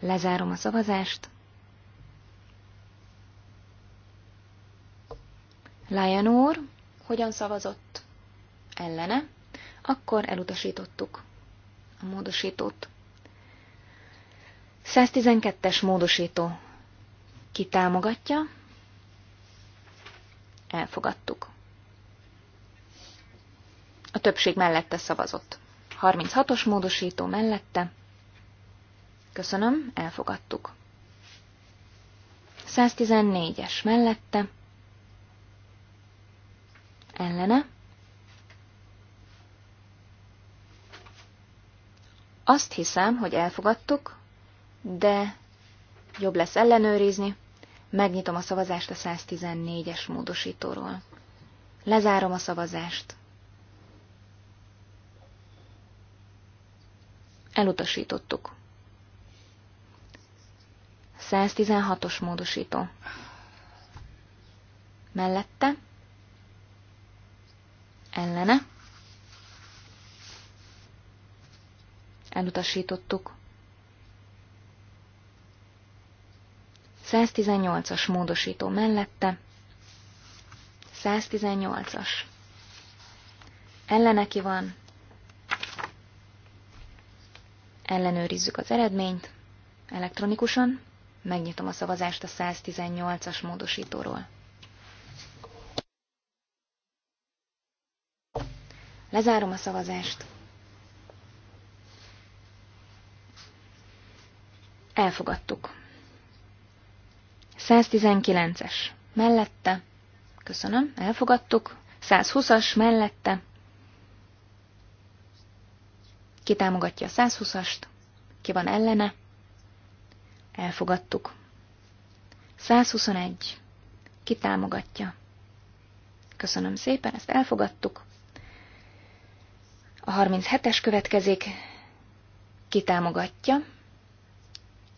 Lezárom a szavazást. Lion úr, hogyan szavazott ellene, akkor elutasítottuk a módosítót. 112-es módosító. Ki támogatja? Elfogadtuk. A többség mellette szavazott. 36-os módosító mellette. Köszönöm, elfogadtuk. 114-es mellette ellene. Azt hiszem, hogy elfogadtuk, de jobb lesz ellenőrizni. Megnyitom a szavazást a 114-es módosítóról. Lezárom a szavazást. Elutasítottuk. 116-os módosító. Mellette ellene. Elutasítottuk. 118-as módosító mellette. 118-as. Ellene ki van. Ellenőrizzük az eredményt elektronikusan. Megnyitom a szavazást a 118-as módosítóról. Lezárom a szavazást. Elfogadtuk. 119-es. Mellette. Köszönöm, elfogadtuk. 120-as mellette. Ki támogatja a 120-ast? Ki van ellene? Elfogadtuk. 121. Ki támogatja? Köszönöm szépen, ezt elfogadtuk. A 37-es következik. Ki támogatja?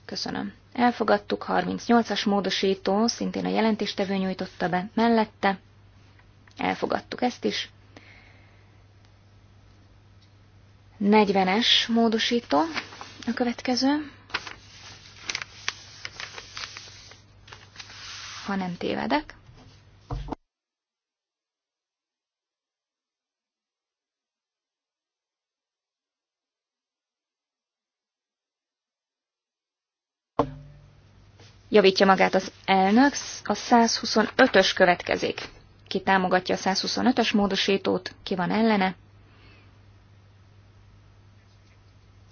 Köszönöm. Elfogadtuk, 38-as módosító, szintén a jelentéstevő nyújtotta be mellette. Elfogadtuk ezt is. 40-es módosító a következő. Ha nem tévedek. Javítja magát az elnök, a 125-ös következik. Ki támogatja a 125-ös módosítót, ki van ellene?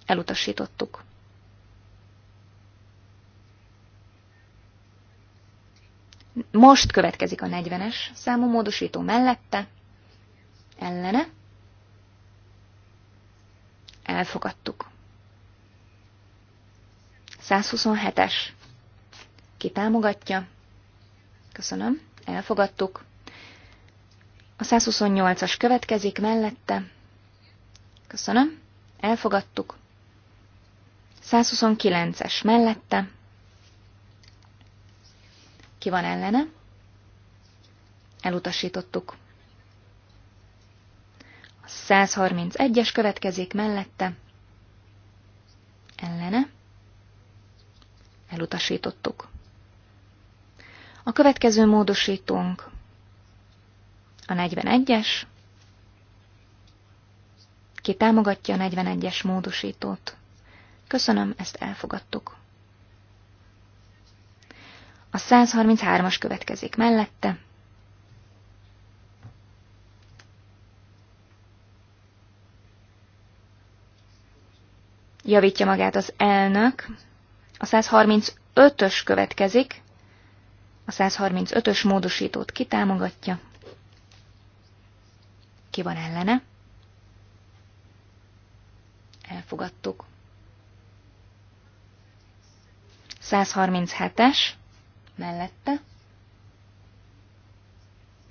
Elutasítottuk. Most következik a 40-es számú módosító mellette, ellene. Elfogadtuk. 127-es ki támogatja? Köszönöm. Elfogadtuk. A 128-as következik mellette. Köszönöm. Elfogadtuk. 129-es mellette. Ki van ellene? Elutasítottuk. A 131-es következik mellette. Ellene? Elutasítottuk. A következő módosítónk a 41-es. Ki támogatja a 41-es módosítót? Köszönöm, ezt elfogadtuk. A 133-as következik mellette. Javítja magát az elnök. A 135-ös következik. A 135-ös módosítót kitámogatja. Ki van ellene? Elfogadtuk. 137-es mellette.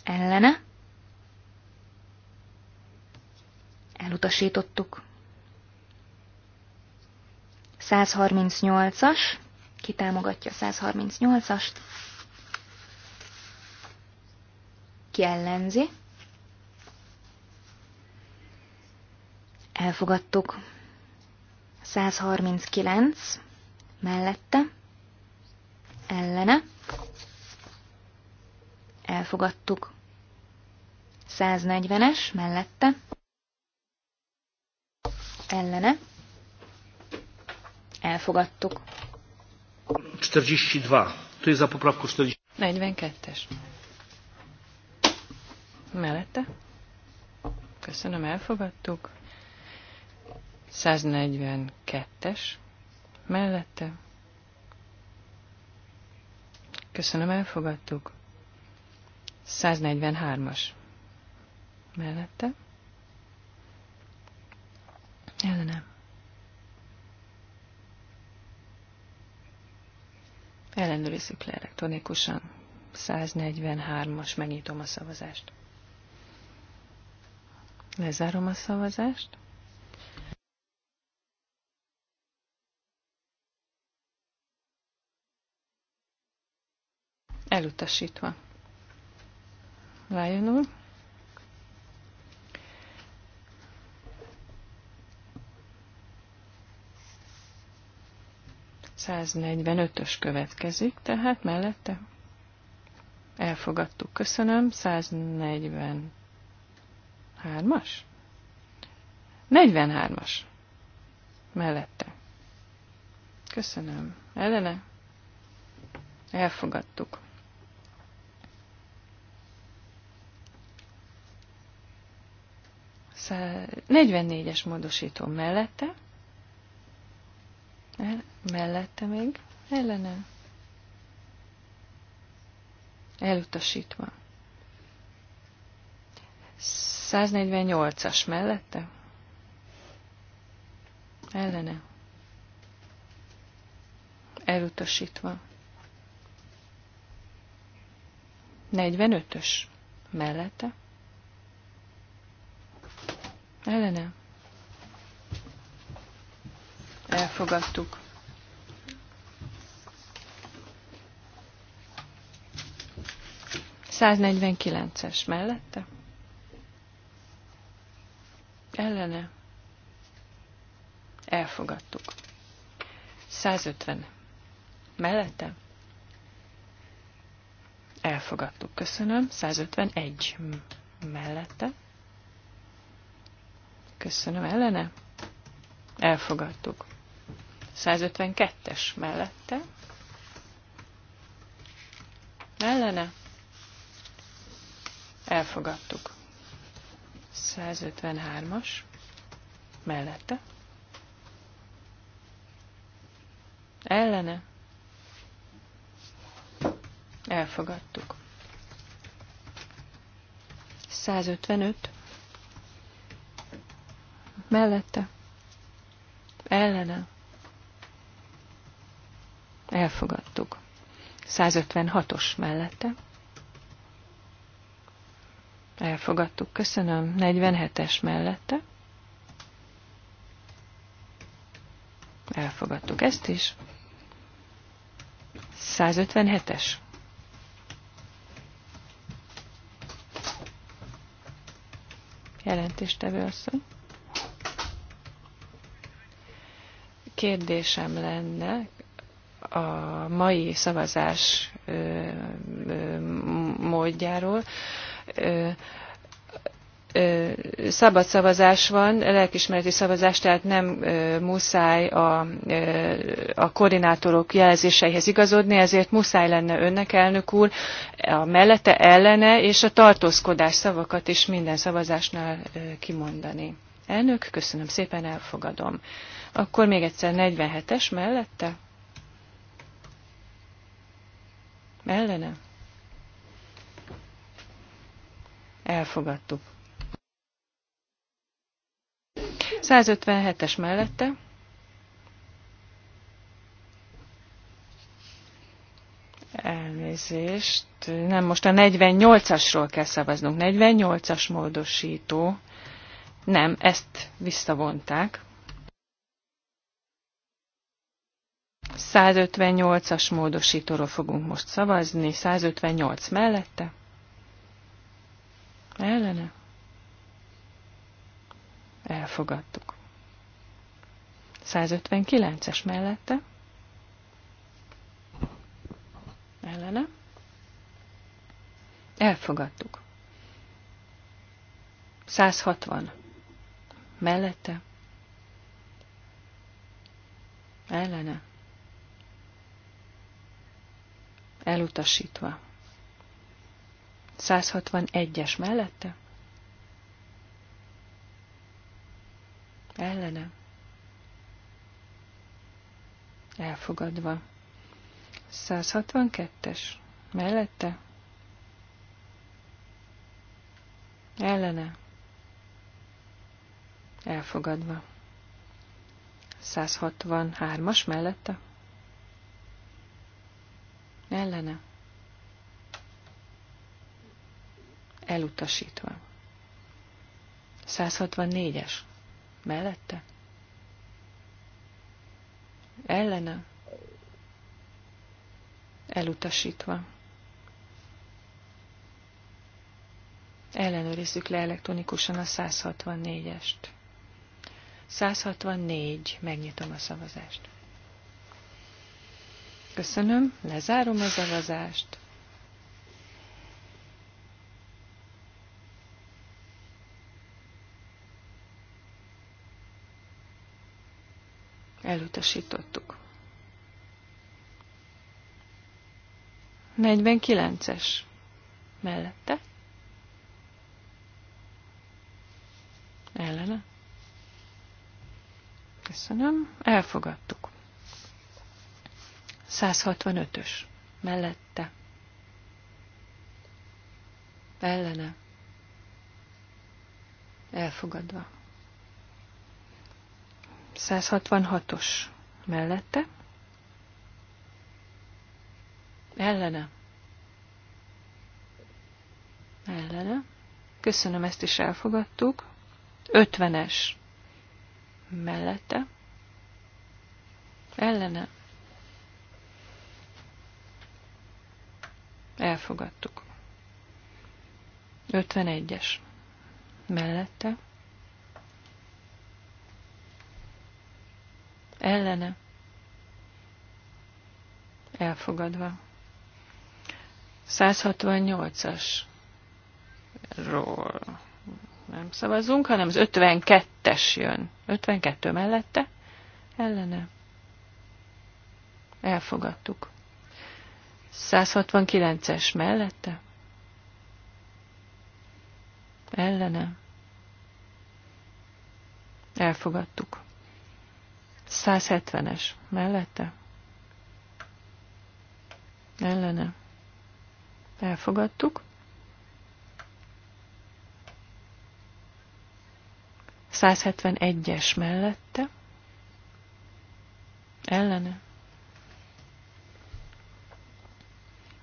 Ellene. Elutasítottuk. 138-as. Kitámogatja a 138-ast? jellemzi. Elfogadtuk. 139 mellette, ellene, elfogadtuk. 140-es mellette, ellene, elfogadtuk. 42. To jest za poprawką 42. 42-es mellette. Köszönöm, elfogadtuk. 142-es mellette. Köszönöm, elfogadtuk. 143-as mellette. Ellenem. Ellenőrizzük le elektronikusan. 143-as, megnyitom a szavazást. Lezárom a szavazást. Elutasítva. úr. ös következik, tehát mellette elfogadtuk. Köszönöm, 140 Hármas? 43-as. Mellette. Köszönöm. Ellene? Elfogadtuk. Szá 44-es módosító mellette. El, mellette még. Ellene. Elutasítva. 148-as mellette? Ellene. Elutasítva. 45-ös mellette? Ellene. Elfogadtuk. Száznegyvenkilences mellette? ellene elfogadtuk. 150 mellette elfogadtuk. Köszönöm. 151 mellette. Köszönöm. Ellene elfogadtuk. 152-es mellette. Ellene elfogadtuk. 153-as mellette. Ellene. Elfogadtuk. 155. Mellette. Ellene. Elfogadtuk. 156-os mellette. Elfogadtuk, köszönöm. 47-es mellette. Elfogadtuk ezt is. 157-es. Jelentéstevő asszony. Kérdésem lenne, a mai szavazás módjáról szabad szavazás van, lelkismereti szavazás, tehát nem muszáj a, a koordinátorok jelzéseihez igazodni, ezért muszáj lenne önnek, elnök úr, a mellette ellene és a tartózkodás szavakat is minden szavazásnál kimondani. Elnök, köszönöm szépen, elfogadom. Akkor még egyszer 47-es mellette? Ellene? Elfogadtuk. 157-es mellette. Elnézést. Nem, most a 48-asról kell szavaznunk. 48-as módosító. Nem, ezt visszavonták. 158-as módosítóról fogunk most szavazni. 158 mellette ellene elfogadtuk. 159-es mellette ellene elfogadtuk. 160 mellette ellene elutasítva. 161-es mellette? Ellene. Elfogadva. 162-es mellette? Ellene. Elfogadva. 163-as mellette? Ellene. elutasítva. 164-es. Mellette? Ellene? Elutasítva. Ellenőrizzük le elektronikusan a 164-est. 164. Megnyitom a szavazást. Köszönöm, lezárom a szavazást. elutasítottuk. 49-es mellette. Ellene. Köszönöm. Elfogadtuk. 165-ös. Mellette. Ellene. Elfogadva. 166-os mellette, ellene, ellene, köszönöm, ezt is elfogadtuk, 50-es mellette, ellene, elfogadtuk. 51-es mellette, ellene elfogadva. 168-as ról nem szavazunk, hanem az 52-es jön. 52 mellette ellene elfogadtuk. 169-es mellette ellene elfogadtuk. 170-es mellette. Ellene. Elfogadtuk. 171-es mellette. Ellene.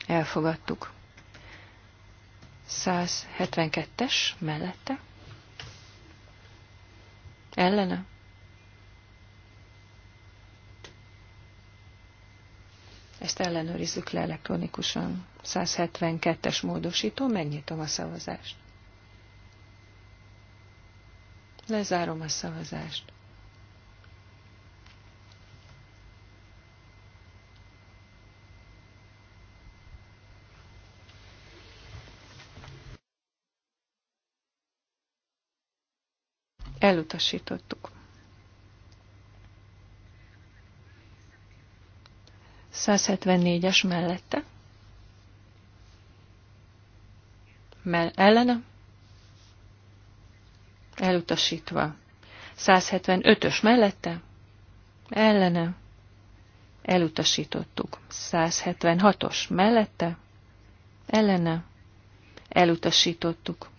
Elfogadtuk. 172-es mellette. Ellene. Ezt ellenőrizzük le elektronikusan. 172-es módosító, megnyitom a szavazást. Lezárom a szavazást. Elutasítottuk. 174-es mellette. Mell ellene. Elutasítva. 175-ös mellette. Ellene. Elutasítottuk. 176-os mellette. Ellene. Elutasítottuk.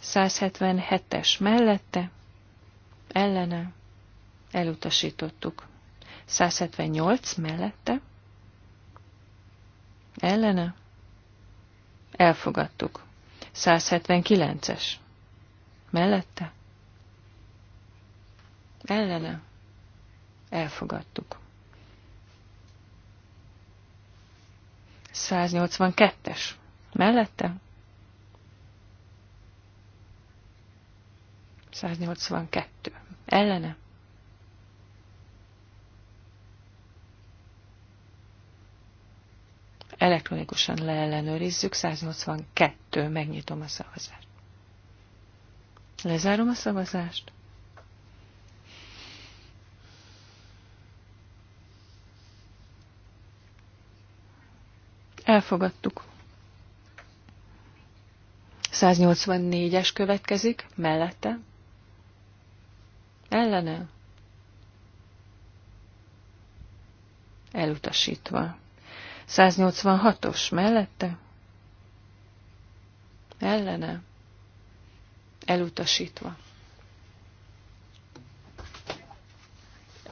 177-es mellette. Ellene. Elutasítottuk. 178 mellette, ellene, elfogadtuk. 179-es, mellette, ellene, elfogadtuk. 182-es, mellette, 182. Ellene? elektronikusan leellenőrizzük, 182, megnyitom a szavazást. Lezárom a szavazást. Elfogadtuk. 184-es következik, mellette. Ellene. Elutasítva. 186-os mellette, ellene, elutasítva.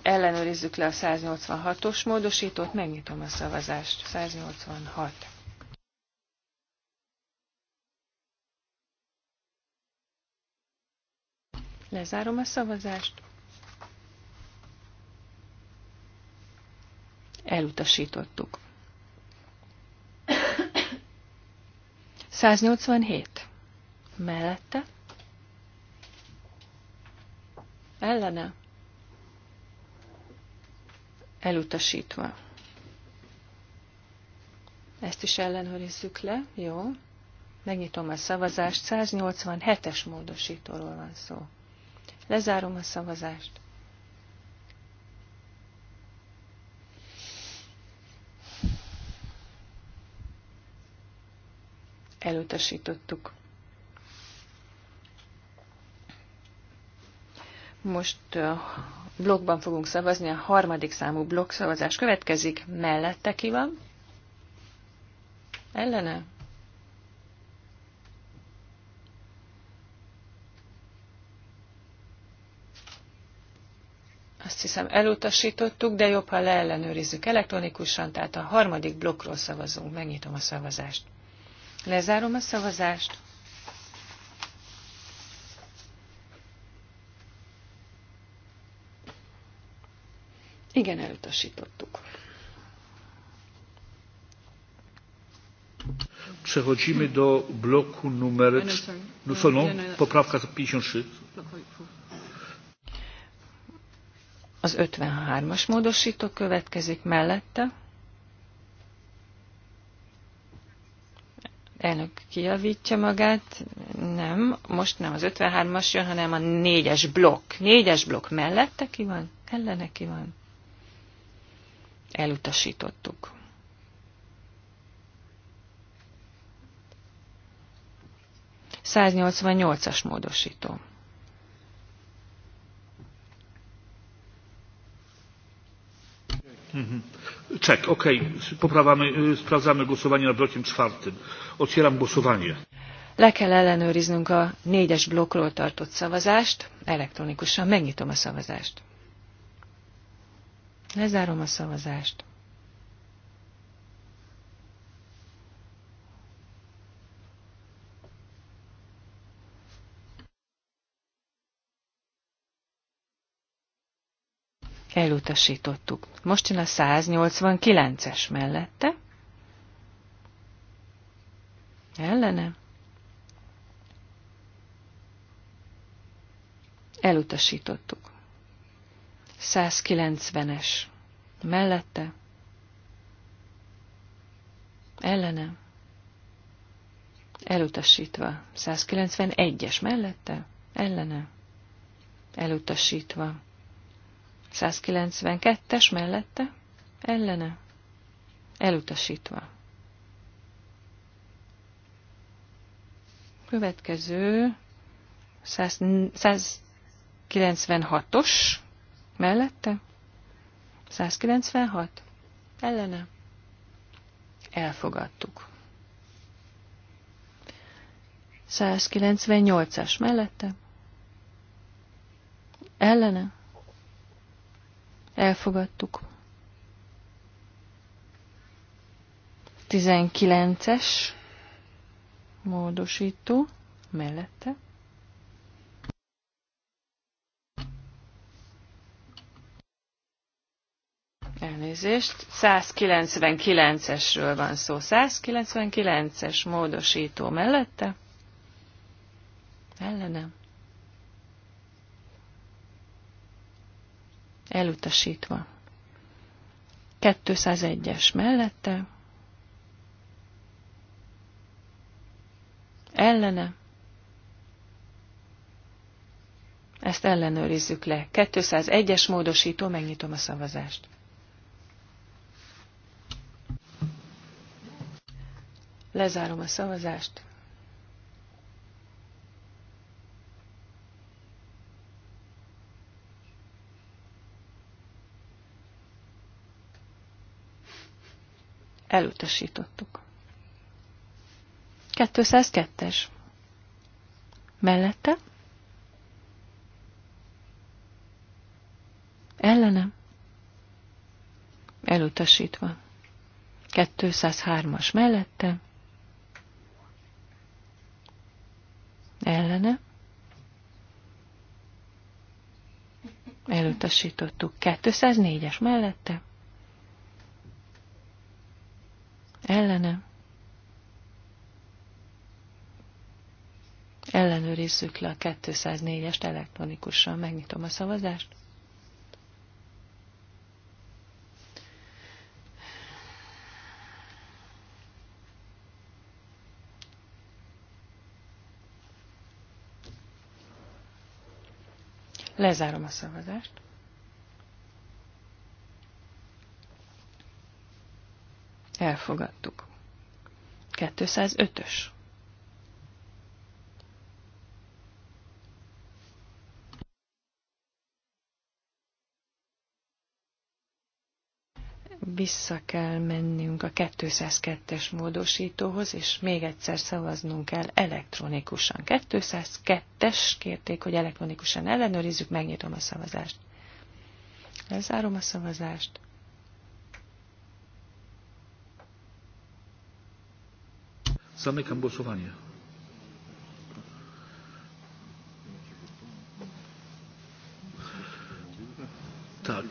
Ellenőrizzük le a 186-os módosítót, megnyitom a szavazást. 186. Lezárom a szavazást. Elutasítottuk. 187. Mellette. Ellene. Elutasítva. Ezt is ellenőrizzük le. Jó. Megnyitom a szavazást. 187-es módosítóról van szó. Lezárom a szavazást. elutasítottuk. Most blogban fogunk szavazni, a harmadik számú blogszavazás következik, mellette ki van? Ellene? Azt hiszem elutasítottuk, de jobb, ha leellenőrizzük elektronikusan, tehát a harmadik blokkról szavazunk. Megnyitom a szavazást. Lezárom a szavazást. Igen, elutasítottuk. Przechodzimy do bloku numer... No, no, no, no, poprawka 53. Az 53-as módosító következik mellette. Elnök kiavítja magát. Nem, most nem az 53-as jön, hanem a 4-es blokk. 4-es blokk mellette ki van? Ellene ki van? Elutasítottuk. Száznyolcvannyolcas módosító. Czek, okej. Poprawamy, sprawdzamy głosowanie blokiem czwartym. Otwieram głosowanie. Le kell ellenőriznünk a négyes blokkról tartott szavazást. Elektronikusan megnyitom a szavazást. Lezárom a szavazást. Elutasítottuk. Most jön a 189-es mellette. Ellene. Elutasítottuk. 190-es mellette. Ellene. Elutasítva. 191-es mellette. Ellene. Elutasítva. 192-es mellette, ellene, elutasítva. Következő 196-os mellette, 196 ellene, elfogadtuk. 198-as mellette, ellene, Elfogadtuk. 19-es módosító mellette. Elnézést, 199-esről van szó. 199-es módosító mellette? Ellenem. elutasítva. 201-es mellette, ellene, ezt ellenőrizzük le. 201-es módosító, megnyitom a szavazást. Lezárom a szavazást. elutasítottuk. 202-es. Mellette? Ellenem? Elutasítva. 203-as mellette? Ellene? Elutasítottuk. 204-es mellette? ellene. Ellenőrizzük le a 204-est elektronikusan. Megnyitom a szavazást. Lezárom a szavazást. Elfogadtuk. 205-ös. Vissza kell mennünk a 202-es módosítóhoz, és még egyszer szavaznunk kell elektronikusan. 202-es kérték, hogy elektronikusan ellenőrizzük, megnyitom a szavazást. Lezárom a szavazást. Zamykam głosowanie. Tak.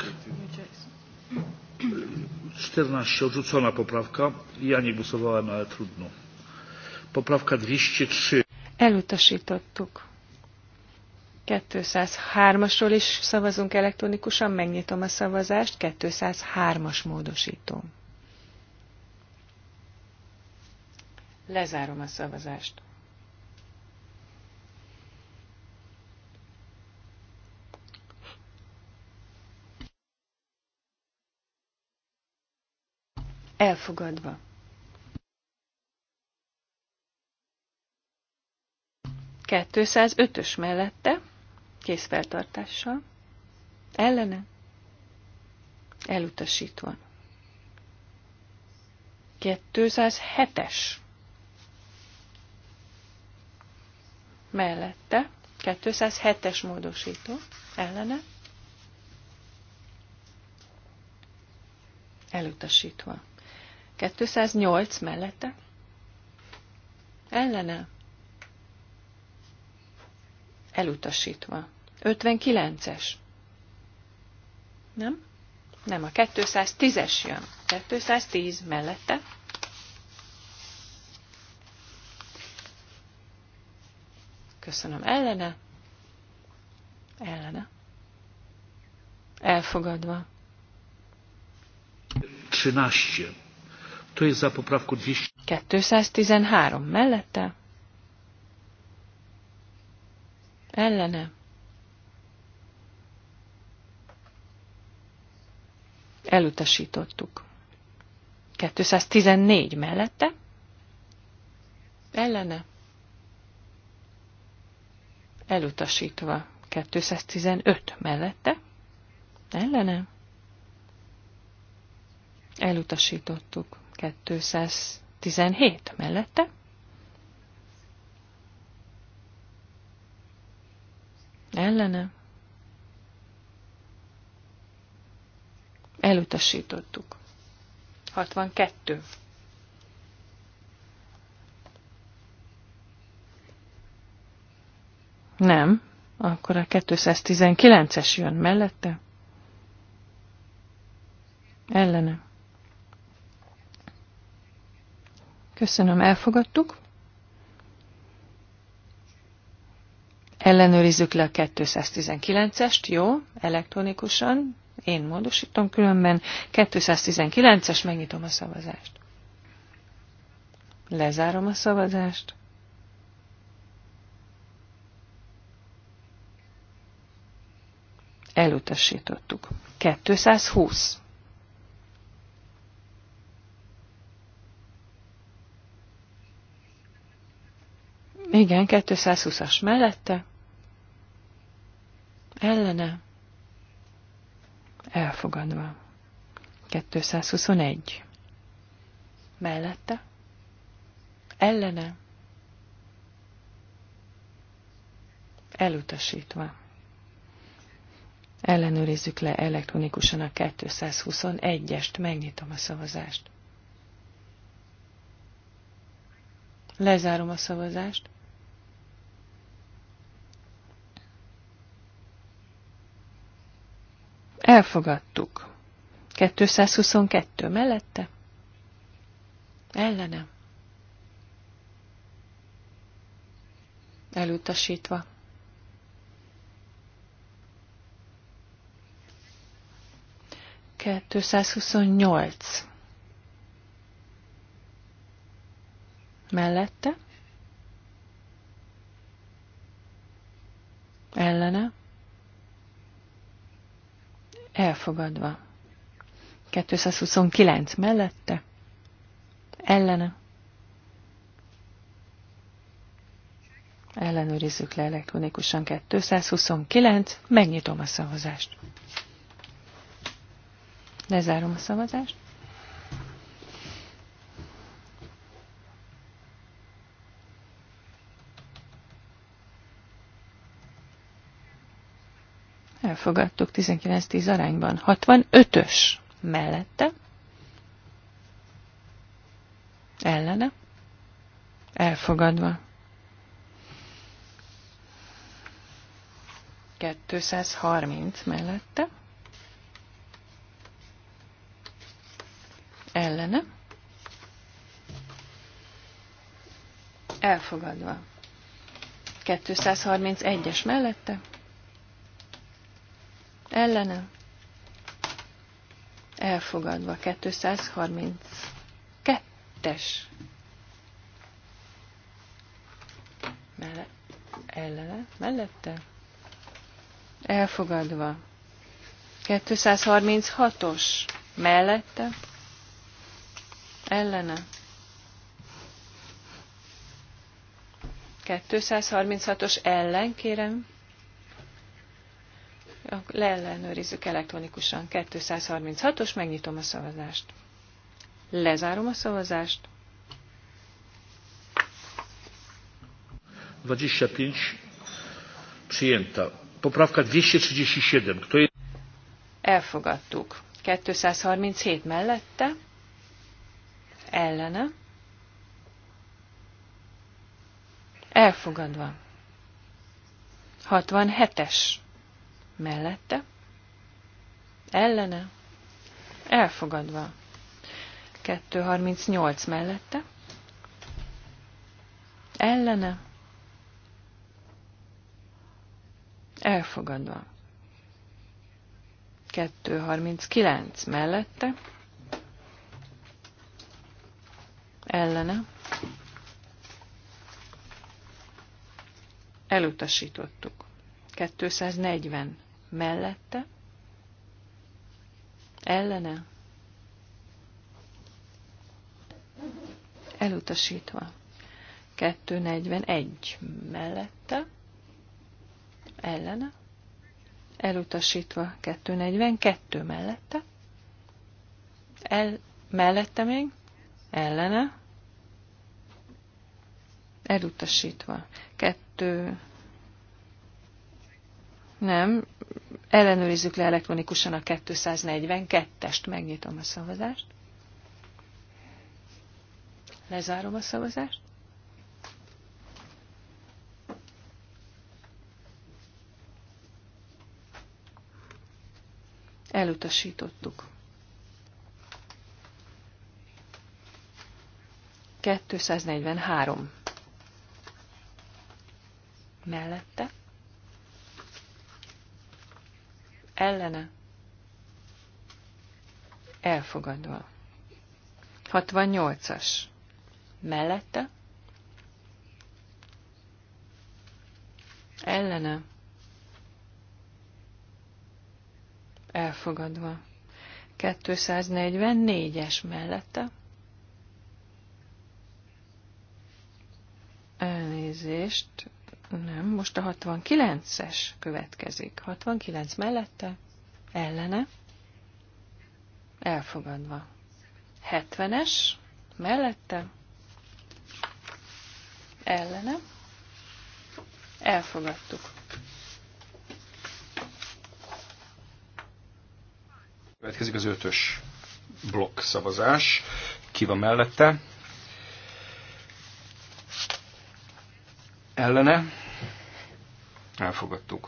14. Odrzucona poprawka. Ja nie głosowałem, ale trudno. Poprawka 203. Elutasítottuk. 203-asról is szavazunk elektronikusan, megnyitom a szavazást, 203-as módosítom. Lezárom a szavazást. Elfogadva. ötös mellette, készfeltartással, ellene, elutasítva. 207-es mellette, 207-es módosító ellene, elutasítva. 208 mellette, ellene, elutasítva. 59-es. Nem? Nem, a 210-es jön. 210 mellette, Köszönöm. Ellene? Ellene. Elfogadva. 13. To jest za poprawką 213 mellette. Ellene. Elutasítottuk. 214 mellette. Ellene elutasítva. 215 mellette, ellene, elutasítottuk. 217 mellette, ellene, elutasítottuk. 62 Nem. Akkor a 219-es jön mellette. Ellene. Köszönöm, elfogadtuk. Ellenőrizzük le a 219-est, jó, elektronikusan. Én módosítom különben. 219-es, megnyitom a szavazást. Lezárom a szavazást. elutasítottuk. 220. Igen, 220-as mellette, ellene, elfogadva. 221. Mellette, ellene, elutasítva. Ellenőrizzük le elektronikusan a 221-est. Megnyitom a szavazást. Lezárom a szavazást. Elfogadtuk. 222 mellette. Ellenem. Elutasítva. 228. Mellette. Ellene. Elfogadva. 229 mellette. Ellene. Ellenőrizzük le elektronikusan 229. Megnyitom a szavazást. Lezárom a szavazást. Elfogadtuk 19-10 arányban. 65-ös mellette. Ellene. Elfogadva. 230 mellette ellene, elfogadva. 231-es mellette, ellene, elfogadva. 232-es melle, ellene, mellette, elfogadva. 236-os mellette, ellene. 236-os ellen, kérem. Leellenőrizzük elektronikusan. 236-os, megnyitom a szavazást. Lezárom a szavazást. 25 przyjęta. Poprawka 237. Kto jest? Elfogadtuk. 237 mellette, ellene, elfogadva. 67-es mellette, ellene, elfogadva. 238 mellette, ellene, elfogadva. 239 mellette, ellene elutasítottuk. 240 mellette ellene elutasítva. 241 mellette ellene elutasítva 242 mellette, el, mellette még, ellene, elutasítva. Kettő. Nem. Ellenőrizzük le elektronikusan a 242-est. Megnyitom a szavazást. Lezárom a szavazást. Elutasítottuk. 243 mellette, ellene, elfogadva. 68-as, mellette, ellene, elfogadva. 244-es mellette, elnézést, nem, most a 69-es következik. 69 mellette, ellene, elfogadva. 70-es, mellette, ellene, elfogadtuk. Következik az ötös blokk szavazás. Ki van mellette? Ellene. Elfogadtuk.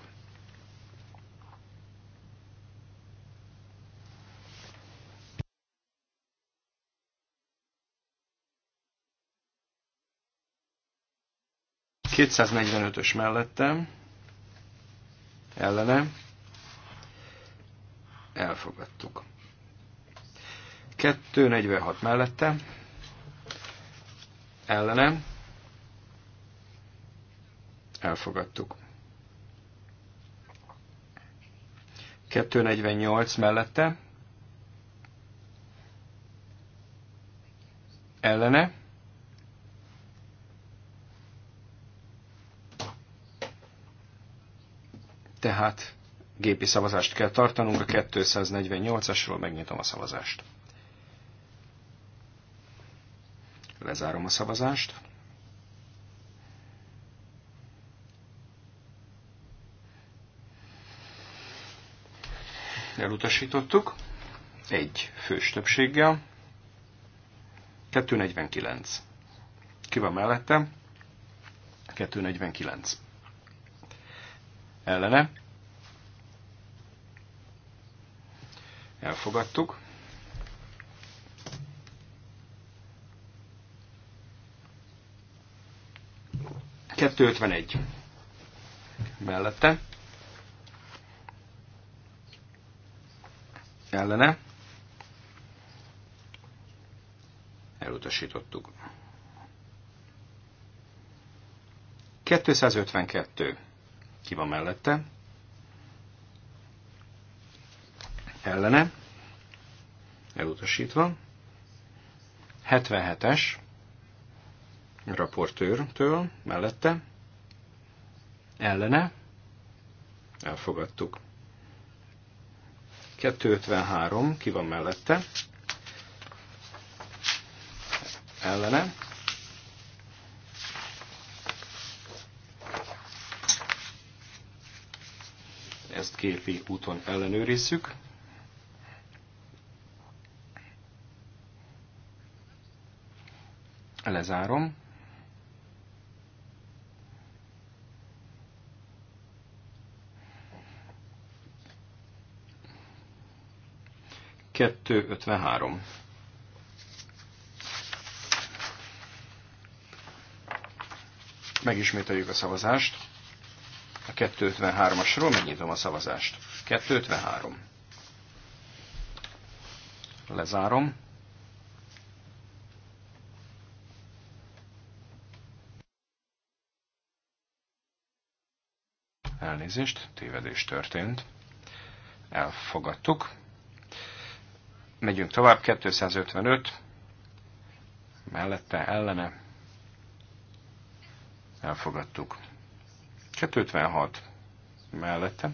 ös mellettem, ellene, elfogadtuk. 246 mellette, ellenem, elfogadtuk. 248 mellette, ellene, tehát gépi szavazást kell tartanunk, a 248-asról megnyitom a szavazást. Lezárom a szavazást. elutasítottuk, egy fős többséggel, 249. Ki van mellette? 249. Ellene. Elfogadtuk. Kettő ötvenegy. Mellette. ellene elutasítottuk. 252 ki van mellette, ellene elutasítva, 77-es raportőrtől mellette, ellene elfogadtuk. 253, ki van mellette? Ellene. Ezt képi úton ellenőrizzük. Lezárom. 253. Megismételjük a szavazást. A 253-asról megnyitom a szavazást. 253. Lezárom. Elnézést, tévedés történt. Elfogadtuk. Megyünk tovább, 255, mellette, ellene, elfogadtuk. 256, mellette,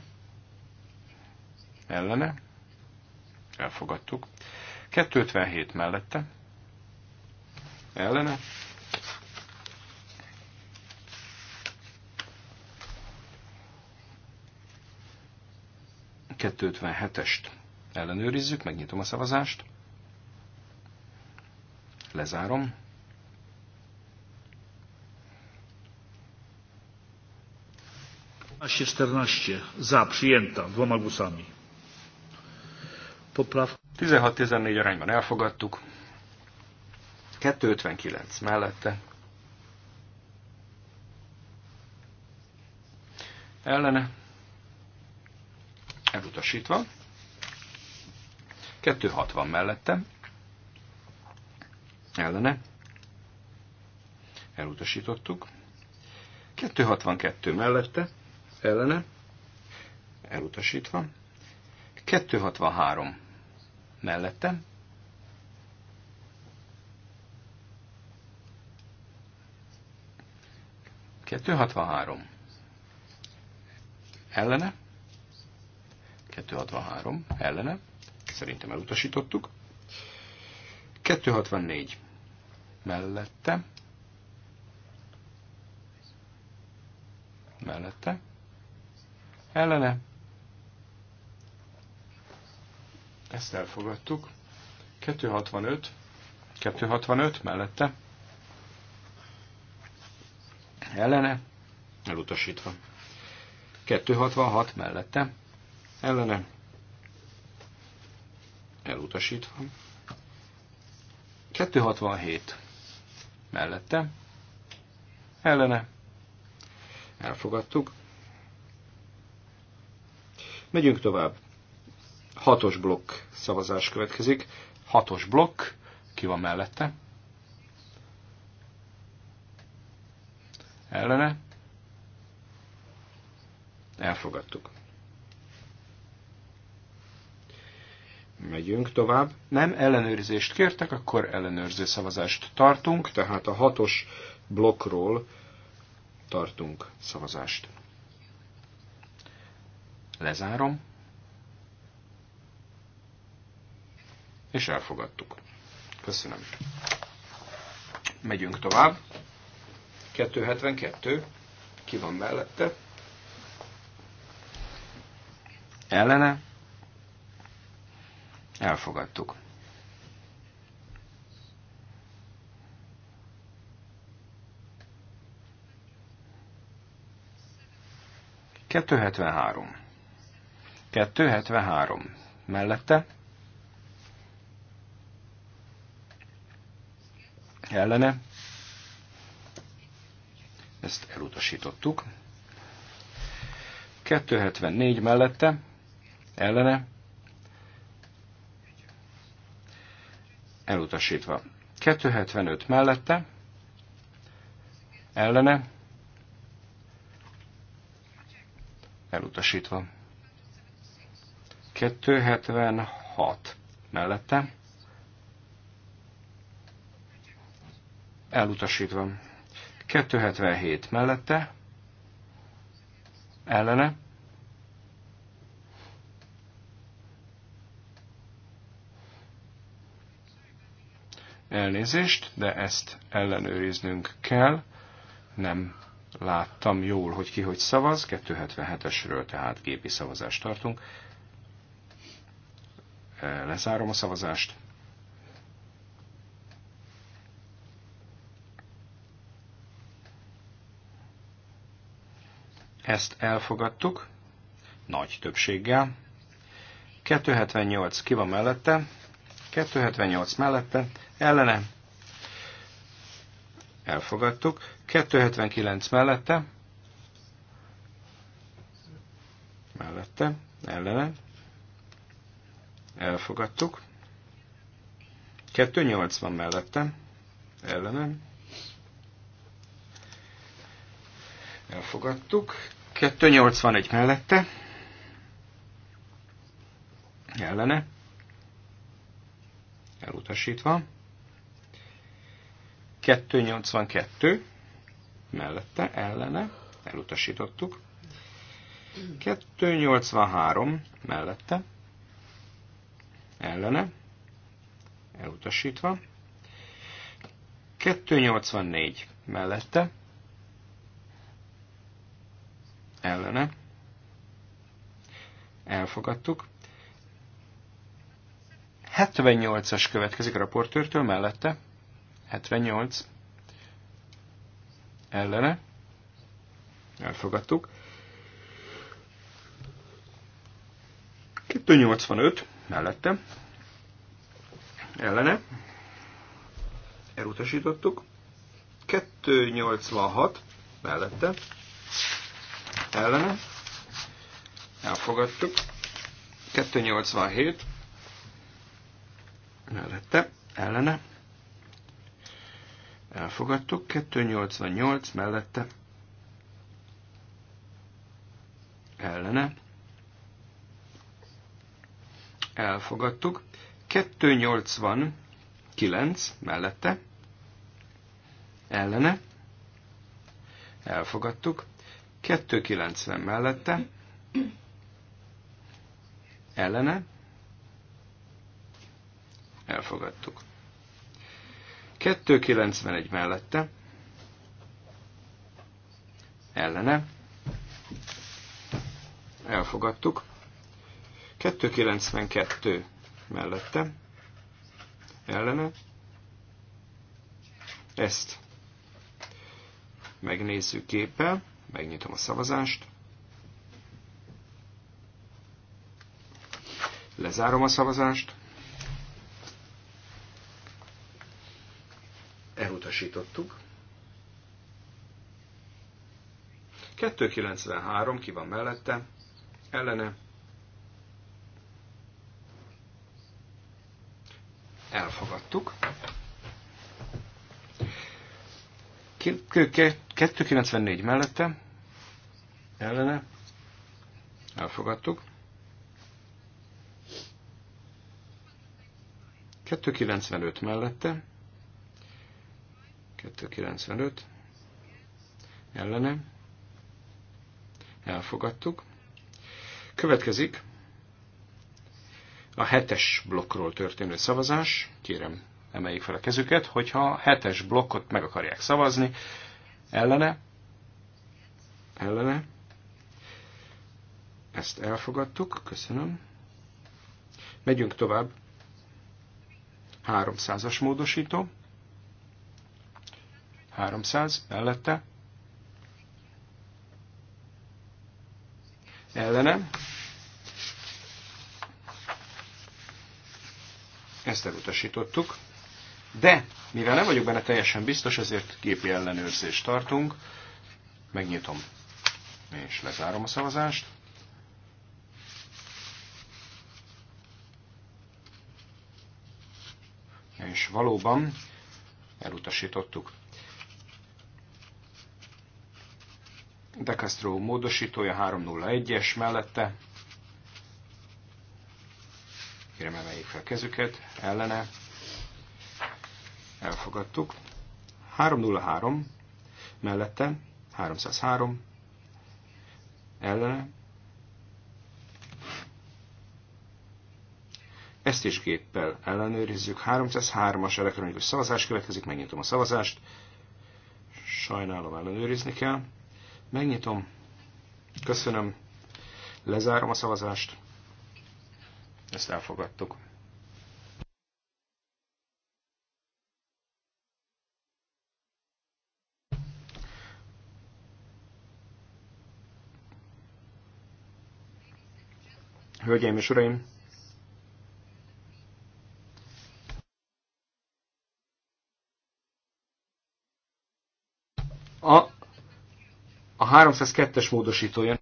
ellene, elfogadtuk. 257 mellette, ellene, kettőtvenhetest Ellenőrizzük, megnyitom a szavazást. Lezárom. Naście 14 za, przyjęta dwoma głosami. Popraw. 16-14 arányban elfogadtuk. 259 mellette. Ellene. Elutasítva. 260 mellette, ellene, elutasítottuk. 262 mellette, ellene, elutasítva. 263 mellette, Kettő három Ellene. kettő három ellene szerintem elutasítottuk. 264 mellette, mellette, ellene, ezt elfogadtuk, 265, 265 mellette, ellene, elutasítva, 266 mellette, ellene, elutasítva. 267 mellette, ellene, elfogadtuk. Megyünk tovább. Hatos blokk szavazás következik. Hatos blokk, ki van mellette? Ellene, elfogadtuk. Megyünk tovább. Nem, ellenőrzést kértek, akkor ellenőrző szavazást tartunk, tehát a hatos blokkról tartunk szavazást. Lezárom. És elfogadtuk. Köszönöm. Megyünk tovább. 272. Ki van mellette? Ellene Elfogadtuk. Kettő hetven három. Kettő hetven három. Mellette. Ellene. Ezt elutasítottuk. 274 mellette. Ellene elutasítva. 275 mellette, ellene, elutasítva. 276 mellette, elutasítva. 277 mellette, ellene, Elnézést, de ezt ellenőriznünk kell. Nem láttam jól, hogy ki hogy szavaz. 277-esről tehát gépi szavazást tartunk. E, lezárom a szavazást. Ezt elfogadtuk, nagy többséggel. 278 ki van mellette, 278 mellette, ellene elfogadtuk, 279 mellette, mellette, ellene elfogadtuk, 280 mellette, ellene elfogadtuk, 281 mellette, ellene elutasítva. 282 mellette, ellene, elutasítottuk. 283 mellette, ellene, elutasítva. 284 mellette, ellene, elfogadtuk. 78-as következik a raportőrtől mellette. 78 ellene. Elfogadtuk. 285 mellette. Ellene. Elutasítottuk. 286 mellette. Ellene. Elfogadtuk. 287 mellette, ellene, elfogadtuk, 288 mellette, ellene, elfogadtuk, 289 mellette, ellene, elfogadtuk, 290 mellette, ellene, elfogadtuk. 291 mellette, ellene, elfogadtuk. 292 mellette, ellene, ezt megnézzük képpel, megnyitom a szavazást, lezárom a szavazást, elutasítottuk. 293, ki van mellette, ellene, elfogadtuk. 294 mellette, ellene, elfogadtuk. 295 mellette, 295 ellene elfogadtuk. Következik a hetes blokkról történő szavazás. Kérem, emeljék fel a kezüket, hogyha a hetes blokkot meg akarják szavazni, ellene, ellene, ezt elfogadtuk, köszönöm. Megyünk tovább. 300-as módosító. 300 mellette. Ellene. Ezt elutasítottuk. De, mivel nem vagyok benne teljesen biztos, ezért gépi ellenőrzést tartunk. Megnyitom és lezárom a szavazást. És valóban elutasítottuk. De Castro módosítója 301-es mellette. Kérem emeljék fel kezüket, ellene. Elfogadtuk. 303 mellette, 303 ellene. Ezt is géppel ellenőrizzük. 303-as elektronikus szavazás következik, megnyitom a szavazást. Sajnálom, ellenőrizni kell. Megnyitom. Köszönöm. Lezárom a szavazást. Ezt elfogadtuk. Hölgyeim és Uraim! A 302-es módosítója.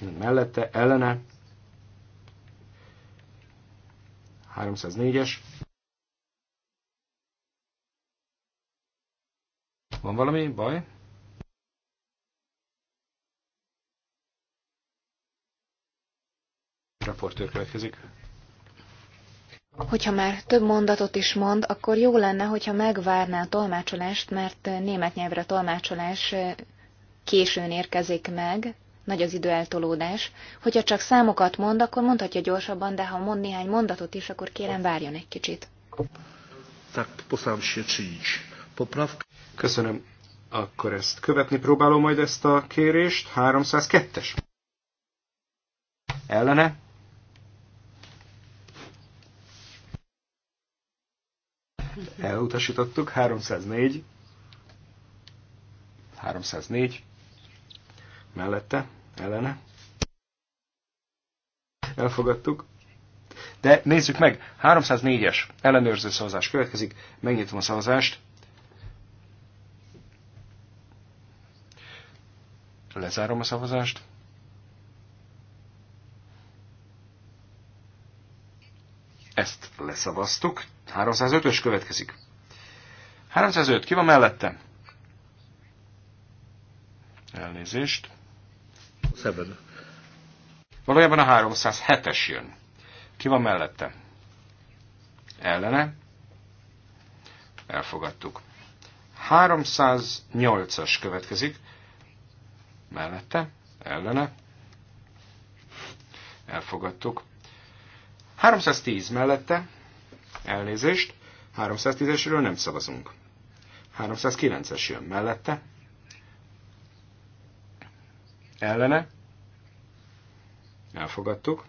Mellette, ellene. 304-es. Van valami baj? Raportőr következik. Hogyha már több mondatot is mond, akkor jó lenne, hogyha megvárná a tolmácsolást, mert német nyelvre a tolmácsolás későn érkezik meg, nagy az időeltolódás. Hogyha csak számokat mond, akkor mondhatja gyorsabban, de ha mond néhány mondatot is, akkor kérem várjon egy kicsit. Köszönöm. Akkor ezt követni próbálom majd ezt a kérést. 302-es. Ellene? elutasítottuk, 304, 304, mellette, ellene, elfogadtuk, de nézzük meg, 304-es ellenőrző szavazás következik, megnyitom a szavazást, lezárom a szavazást, Ezt leszavaztuk. 305-ös következik. 305, ki van mellette? Elnézést. 7. Valójában a 307-es jön. Ki van mellette? Ellene. Elfogadtuk. 308-as következik. Mellette. Ellene. Elfogadtuk. 310 mellette, elnézést, 310-esről nem szavazunk. 309-es jön mellette, ellene, elfogadtuk.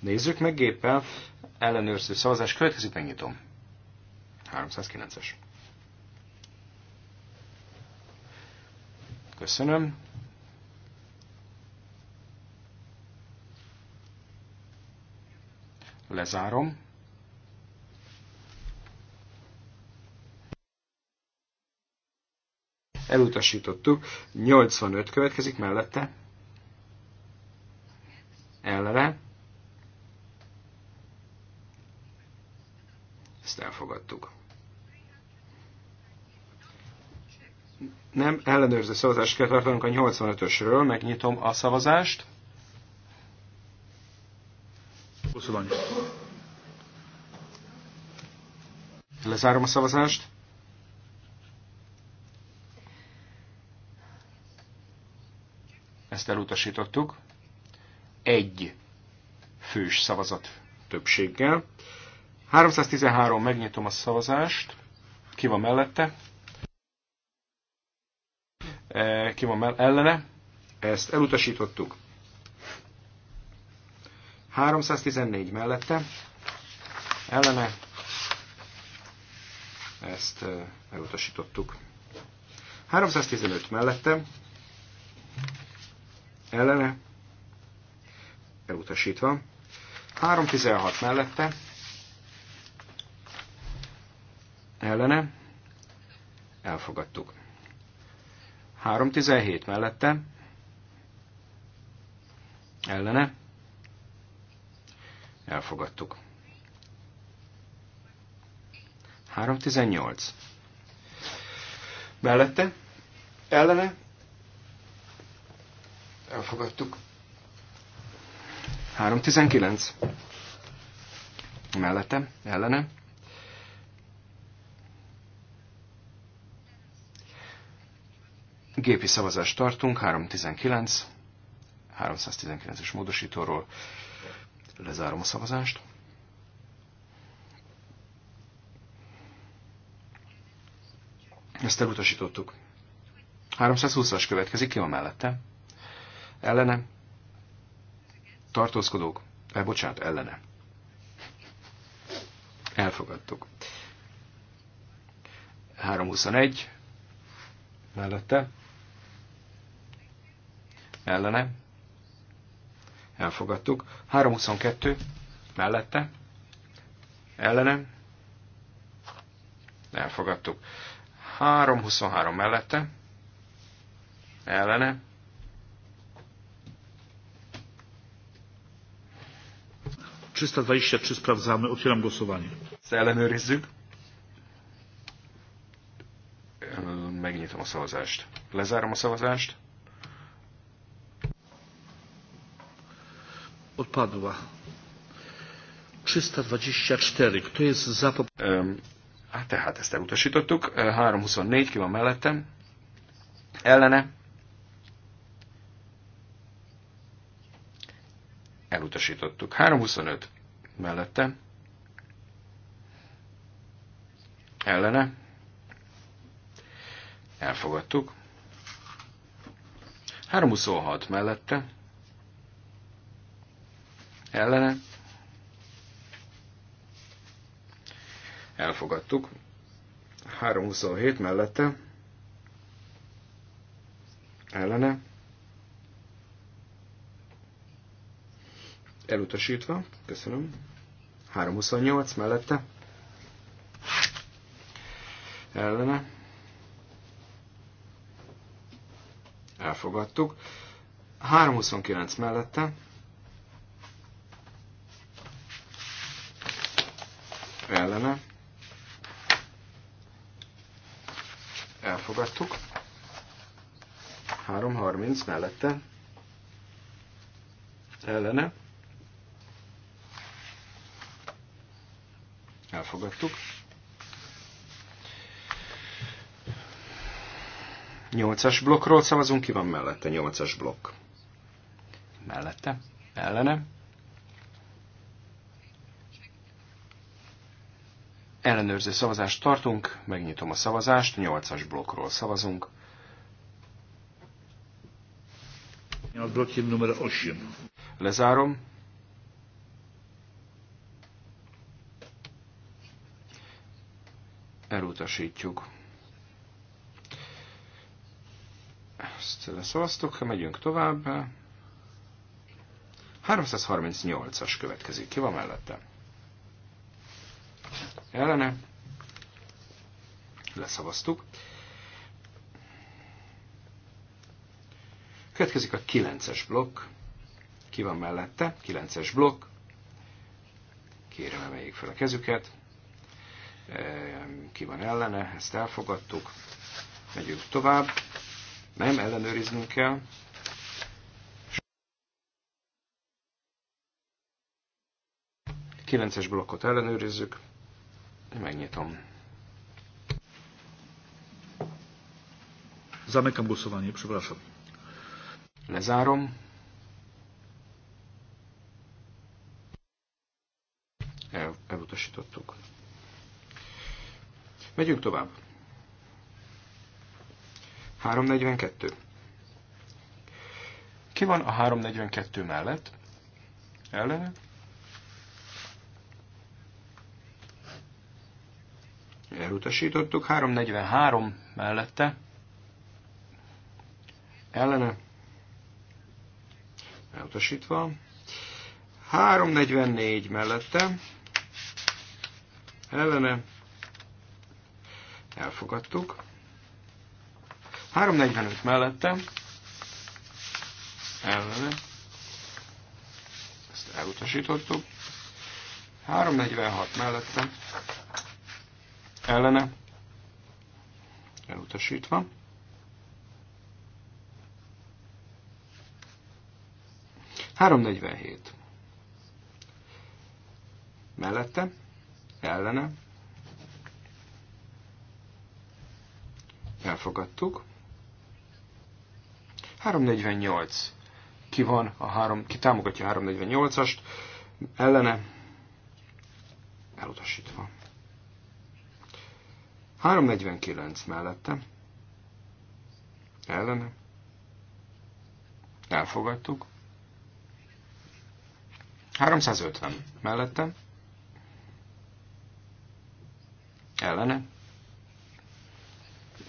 Nézzük meg géppel, ellenőrző szavazás következik, megnyitom. 309-es. Köszönöm. Lezárom. Elutasítottuk. 85 következik mellette. Ellene. Ezt elfogadtuk. nem ellenőrző szavazást kell tartanunk a 85-ösről, megnyitom a szavazást. Köszönöm. Lezárom a szavazást. Ezt elutasítottuk. Egy fős szavazat többséggel. 313, megnyitom a szavazást. Ki van mellette? E, ki van ellene? Ezt elutasítottuk. 314 mellette. Ellene ezt elutasítottuk. 315 mellette, ellene, elutasítva. 316 mellette, ellene, elfogadtuk. 317 mellette, ellene, elfogadtuk. 318. Mellette, ellene, elfogadtuk. 319. Mellette, ellene. Gépi szavazást tartunk, 319, 319-es módosítóról. Lezárom a szavazást. Ezt elutasítottuk. 320-as következik, ki van mellette? Ellene. Tartózkodók. E, bocsánat, ellene. Elfogadtuk. 321. Mellette. Ellene. Elfogadtuk. 322. Mellette. Ellene. Elfogadtuk. 323 mellette, ellene. czy sprawdzamy. Otwieram głosowanie. Ellenőrizzük. Megnyitom a szavazást. Lezárom a szavazást. Odpadła. 324. Kto jest za... Hát Tehát ezt elutasítottuk. 324 ki van mellettem. Ellene. Elutasítottuk. 325 mellette. Ellene. Elfogadtuk. 326 mellette. Ellene elfogadtuk. 327 mellette ellene elutasítva, köszönöm. 328 mellette ellene elfogadtuk. 329 mellette mellette, ellene, elfogadtuk. 8-as blokkról szavazunk, ki van mellette 8-as blokk? Mellette, ellene. Ellenőrző szavazást tartunk, megnyitom a szavazást, 8-as blokkról szavazunk. nad blokiem numer 8. Lezárom. Elutasítjuk. Ezt leszavaztuk, megyünk tovább. 338-as következik. Ki van mellette? Ellene. Leszavaztuk. Következik a 9-es blokk. Ki van mellette? 9-es blokk. Kérem, emeljék fel a kezüket. Ehm, ki van ellene? Ezt elfogadtuk. Megyünk tovább. Nem, ellenőriznünk kell. Kilences blokkot ellenőrizzük. Megnyitom. Zamykam głosowanie, przepraszam. Lezárom. El, elutasítottuk. Megyünk tovább. 342. Ki van a 342 mellett? Ellene? Elutasítottuk. 343 mellette. Ellene? elutasítva. 344 mellette ellene elfogadtuk. 345 mellette ellene ezt elutasítottuk. 346 mellette ellene elutasítva. 347. Mellette, ellene, elfogadtuk. 348. Ki van a három, ki támogatja a 348-ast, ellene, elutasítva. 349 mellette, ellene, elfogadtuk. 350 mellette, ellene,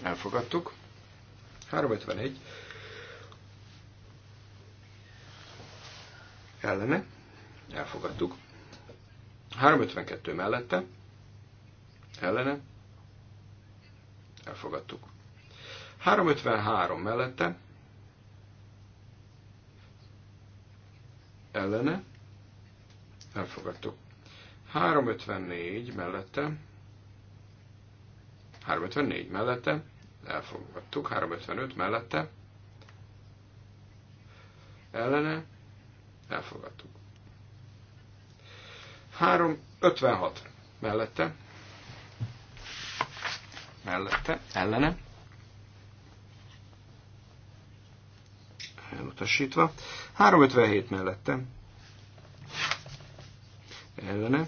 elfogadtuk, 351 ellene, elfogadtuk, 352 mellette, ellene, elfogadtuk. 353 mellette, ellene, elfogadtuk. 354 mellette, 354 mellette, elfogadtuk, 355 mellette, ellene, elfogadtuk. 356 mellette, mellette, ellene, elutasítva, 357 mellette, ellene,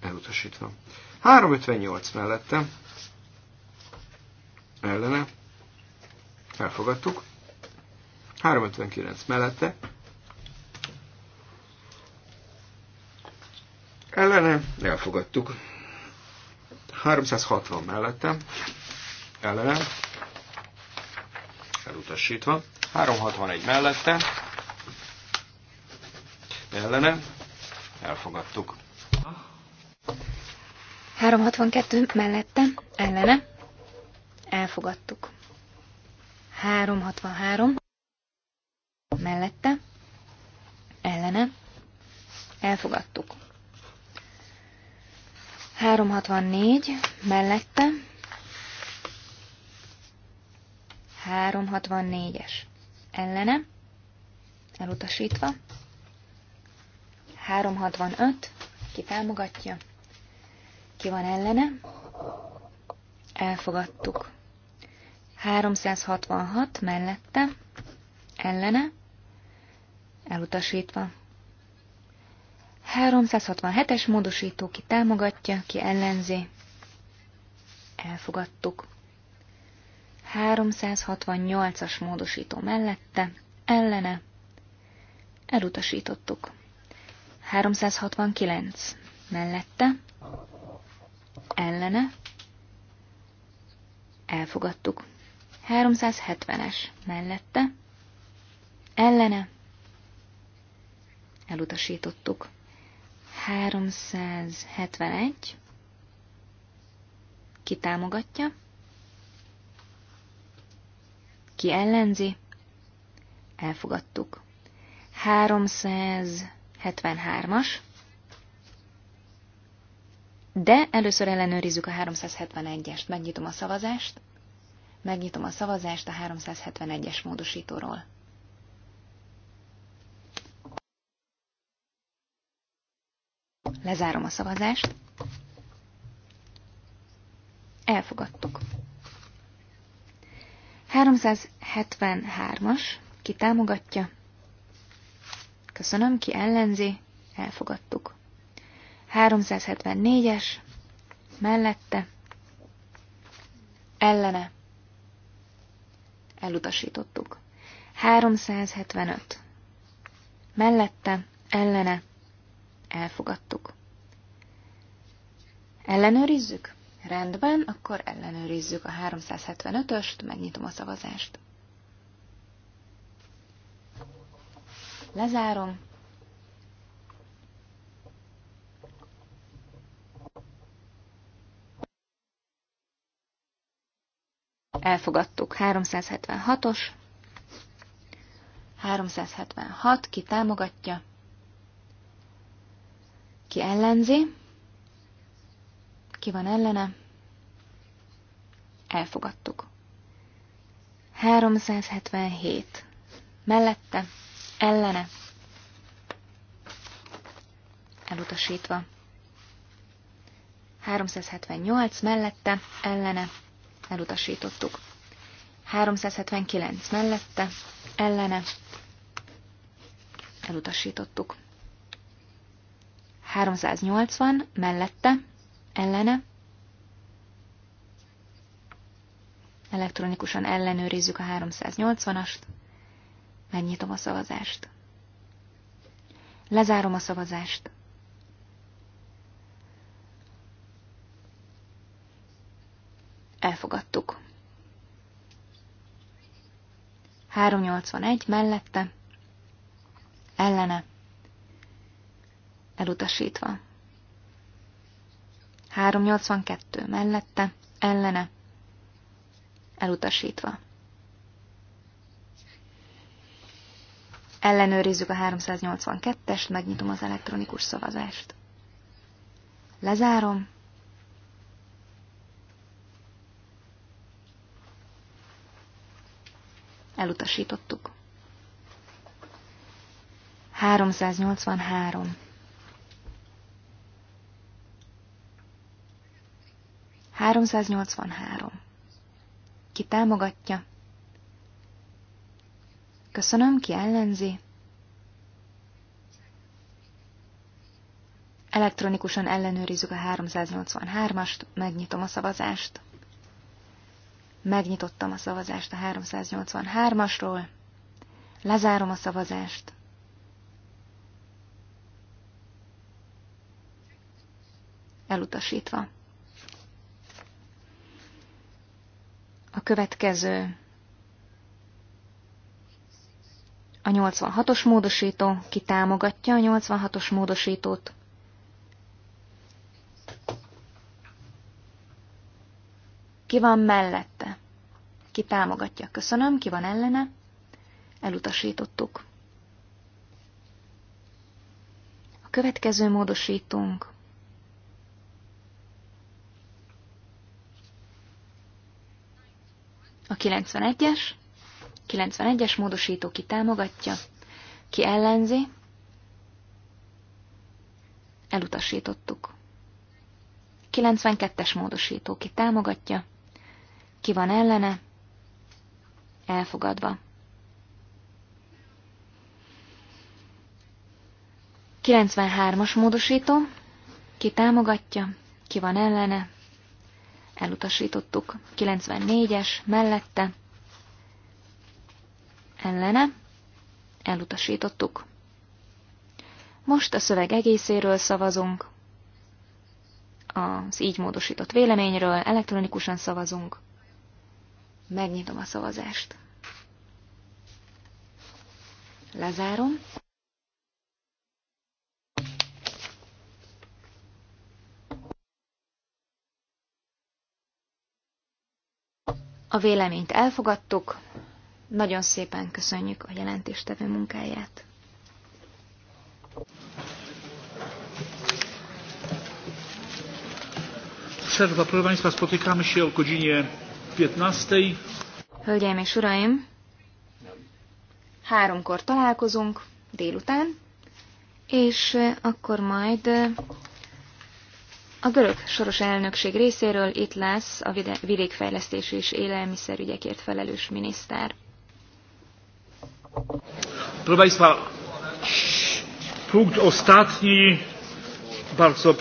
elutasítva. 358 mellette, ellene, elfogadtuk. 359 mellette, ellene, elfogadtuk. 360 mellette, ellene, elutasítva. 361 mellette, ellene, Elfogadtuk. 362 mellette, ellene. Elfogadtuk. 363 mellette, ellene. Elfogadtuk. 364 mellette. 364-es ellene, elutasítva. 365, ki támogatja, ki van ellene, elfogadtuk. 366 mellette, ellene, elutasítva. 367-es módosító ki támogatja, ki ellenzi. Elfogadtuk. 368-as módosító mellette, ellene, elutasítottuk. 369. Mellette. Ellene. Elfogadtuk. 370-es. Mellette. Ellene. Elutasítottuk. 371. Ki támogatja? Ki ellenzi? Elfogadtuk. 300 73-as. De először ellenőrizzük a 371-est. Megnyitom a szavazást. Megnyitom a szavazást a 371-es módosítóról. Lezárom a szavazást. Elfogadtuk. 373-as, ki támogatja, Köszönöm, ki ellenzi, elfogadtuk. 374-es, mellette, ellene, elutasítottuk. 375. Mellette, ellene, elfogadtuk. Ellenőrizzük? Rendben, akkor ellenőrizzük a 375-öst, megnyitom a szavazást. Lezárom. Elfogadtuk. 376-os. 376, ki támogatja, ki ellenzi, ki van ellene, elfogadtuk. 377. Mellette ellene, elutasítva. 378 mellette, ellene, elutasítottuk. 379 mellette, ellene, elutasítottuk. 380 mellette, ellene, elektronikusan ellenőrizzük a 380-ast, Megnyitom a szavazást. Lezárom a szavazást. Elfogadtuk. 381 mellette, ellene, elutasítva. 382 mellette, ellene, elutasítva. Ellenőrizzük a 382-est, megnyitom az elektronikus szavazást. Lezárom. Elutasítottuk. 383. 383. Ki támogatja? Köszönöm, ki ellenzi? Elektronikusan ellenőrizzük a 383-ast, megnyitom a szavazást. Megnyitottam a szavazást a 383-asról, lezárom a szavazást. Elutasítva. A következő a 86-os módosító, ki támogatja a 86-os módosítót. Ki van mellette? Ki támogatja? Köszönöm. Ki van ellene? Elutasítottuk. A következő módosítunk. A 91-es. 91-es módosító ki támogatja, ki ellenzi, elutasítottuk. 92-es módosító ki támogatja, ki van ellene, elfogadva. 93-as módosító, ki támogatja, ki van ellene, elutasítottuk. 94-es, mellette, ellene, elutasítottuk. Most a szöveg egészéről szavazunk, az így módosított véleményről elektronikusan szavazunk. Megnyitom a szavazást. Lezárom. A véleményt elfogadtuk, nagyon szépen köszönjük a jelentéstevő munkáját. Przerwa, proszę Państwa, spotykamy się o godzinie 15. Hölgyeim és Uraim, háromkor találkozunk délután, és akkor majd a görög soros elnökség részéről itt lesz a vidékfejlesztés és élelmiszerügyekért felelős miniszter. Proszę Państwa, punkt ostatni, bardzo...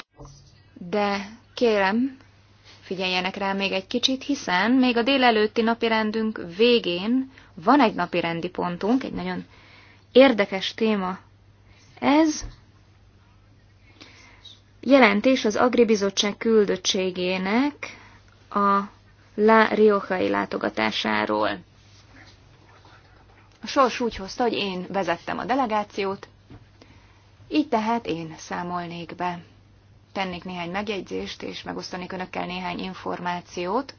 De kérem, figyeljenek rá még egy kicsit, hiszen még a délelőtti napirendünk végén van egy napirendi pontunk, egy nagyon érdekes téma. Ez jelentés az Agribizottság küldöttségének a La Rioja-i látogatásáról. A sors úgy hozta, hogy én vezettem a delegációt, így tehát én számolnék be. Tennék néhány megjegyzést, és megosztanék önökkel néhány információt,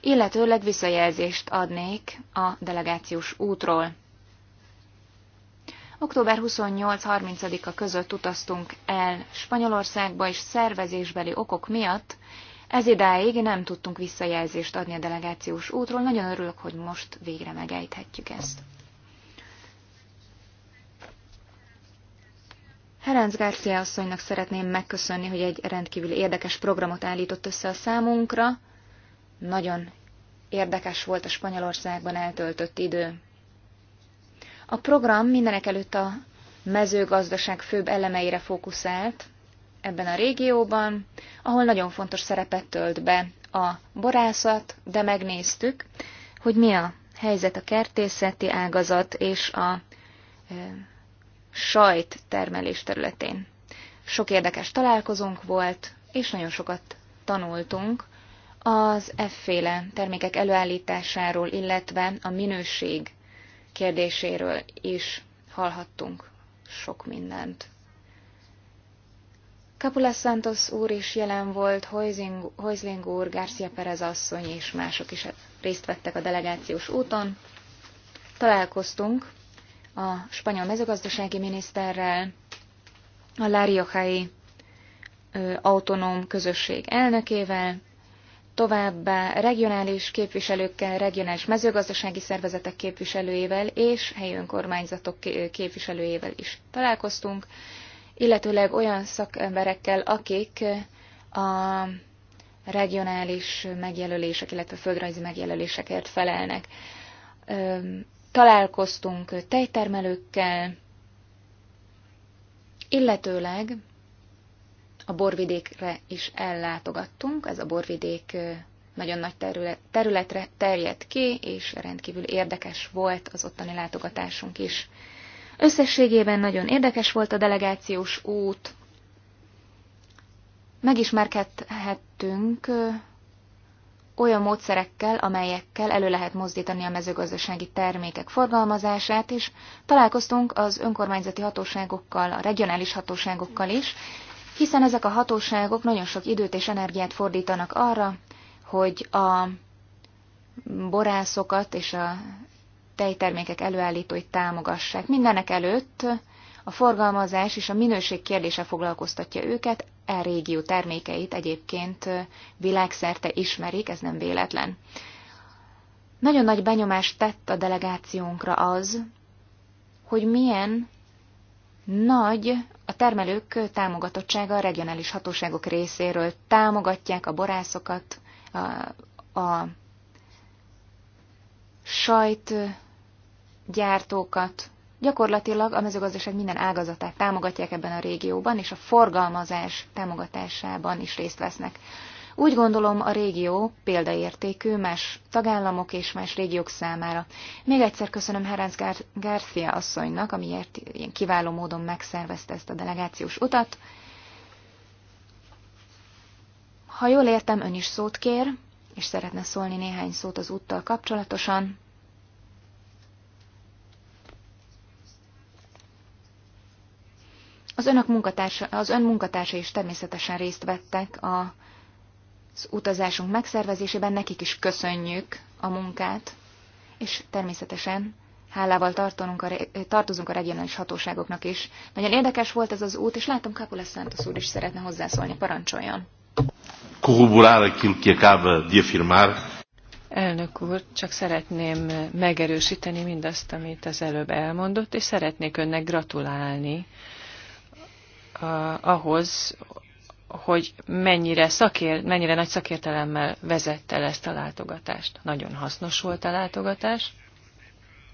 illetőleg visszajelzést adnék a delegációs útról. Október 28-30-a között utaztunk el Spanyolországba, és szervezésbeli okok miatt ez idáig nem tudtunk visszajelzést adni a delegációs útról. Nagyon örülök, hogy most végre megejthetjük ezt. Herenc Garcia asszonynak szeretném megköszönni, hogy egy rendkívül érdekes programot állított össze a számunkra. Nagyon érdekes volt a Spanyolországban eltöltött idő. A program mindenek előtt a mezőgazdaság főbb elemeire fókuszált ebben a régióban, ahol nagyon fontos szerepet tölt be a borászat, de megnéztük, hogy mi a helyzet a kertészeti ágazat és a sajt termelés területén. Sok érdekes találkozónk volt, és nagyon sokat tanultunk az efféle termékek előállításáról, illetve a minőség kérdéséről is hallhattunk sok mindent. Capula Santos úr is jelen volt, Hoisling úr, Garcia Perez asszony és mások is részt vettek a delegációs úton. Találkoztunk a spanyol mezőgazdasági miniszterrel, a Láriohai autonóm közösség elnökével, továbbá regionális képviselőkkel, regionális mezőgazdasági szervezetek képviselőjével és helyi önkormányzatok képviselőjével is találkoztunk, illetőleg olyan szakemberekkel, akik a regionális megjelölések, illetve földrajzi megjelölésekért felelnek találkoztunk tejtermelőkkel, illetőleg a borvidékre is ellátogattunk, ez a borvidék nagyon nagy terület, területre terjedt ki, és rendkívül érdekes volt az ottani látogatásunk is. Összességében nagyon érdekes volt a delegációs út, megismerkedhettünk olyan módszerekkel, amelyekkel elő lehet mozdítani a mezőgazdasági termékek forgalmazását is. Találkoztunk az önkormányzati hatóságokkal, a regionális hatóságokkal is, hiszen ezek a hatóságok nagyon sok időt és energiát fordítanak arra, hogy a borászokat és a tejtermékek előállítóit támogassák. Mindenek előtt a forgalmazás és a minőség kérdése foglalkoztatja őket, e régió termékeit egyébként világszerte ismerik, ez nem véletlen. Nagyon nagy benyomást tett a delegációnkra az, hogy milyen nagy a termelők támogatottsága a regionális hatóságok részéről. Támogatják a borászokat, a, a sajtgyártókat, Gyakorlatilag a mezőgazdaság minden ágazatát támogatják ebben a régióban, és a forgalmazás támogatásában is részt vesznek. Úgy gondolom, a régió példaértékű más tagállamok és más régiók számára. Még egyszer köszönöm Herenc Gar- Garcia asszonynak, amiért ilyen kiváló módon megszervezte ezt a delegációs utat. Ha jól értem, ön is szót kér, és szeretne szólni néhány szót az úttal kapcsolatosan. Az, önök munkatársa, az ön munkatársa is természetesen részt vettek a, az utazásunk megszervezésében, nekik is köszönjük a munkát, és természetesen hálával a, tartozunk a regionális hatóságoknak is. Nagyon érdekes volt ez az út, és látom Capula Santos úr is szeretne hozzászólni. Parancsoljon! Corroborar aquilo que acaba de afirmar. Elnök úr, csak szeretném megerősíteni mindazt, amit az előbb elmondott, és szeretnék önnek gratulálni ahhoz, hogy mennyire, szakér, mennyire nagy szakértelemmel vezette el ezt a látogatást. Nagyon hasznos volt a látogatás.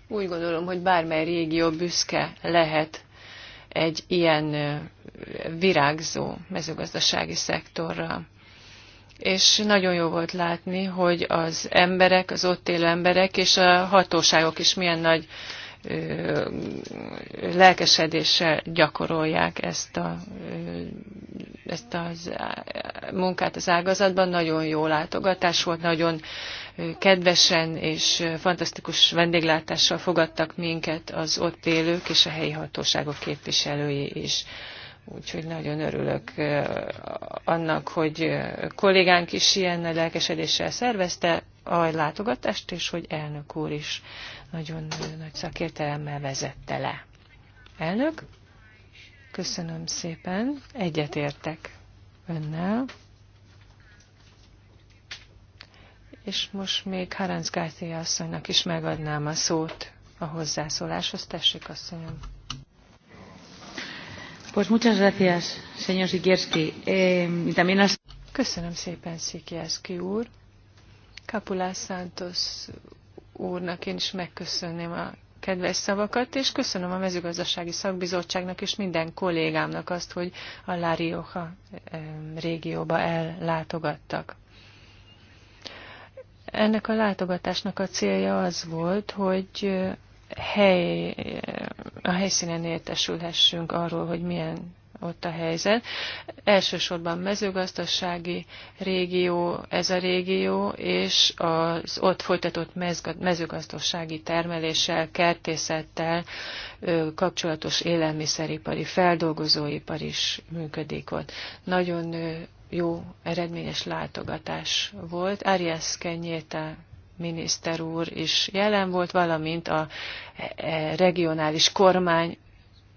Úgy gondolom, hogy bármely régió büszke lehet egy ilyen virágzó mezőgazdasági szektorra. És nagyon jó volt látni, hogy az emberek, az ott élő emberek és a hatóságok is milyen nagy lelkesedéssel gyakorolják ezt, a, ezt az munkát az ágazatban. Nagyon jó látogatás volt, nagyon kedvesen és fantasztikus vendéglátással fogadtak minket az ott élők és a helyi hatóságok képviselői is. Úgyhogy nagyon örülök annak, hogy kollégánk is ilyen lelkesedéssel szervezte a látogatást, és hogy elnök úr is nagyon nagy szakértelemmel vezette le. Elnök, köszönöm szépen, egyetértek önnel. És most még Haranc Gártéja asszonynak is megadnám a szót a hozzászóláshoz. Tessék, asszonyom. Pues muchas gracias, señor Sikierski. Eh, también Köszönöm szépen, Szikierski úr. Kapulás Santos úrnak én is megköszönném a kedves szavakat, és köszönöm a mezőgazdasági szakbizottságnak és minden kollégámnak azt, hogy a La Rioja régióba ellátogattak. Ennek a látogatásnak a célja az volt, hogy hely, a helyszínen értesülhessünk arról, hogy milyen ott a helyzet. Elsősorban mezőgazdasági régió ez a régió, és az ott folytatott mezőgazdasági termeléssel, kertészettel kapcsolatos élelmiszeripari, feldolgozóipar is működik ott. Nagyon jó, eredményes látogatás volt. Arias Kenyéta miniszter úr is jelen volt, valamint a e, e, regionális kormány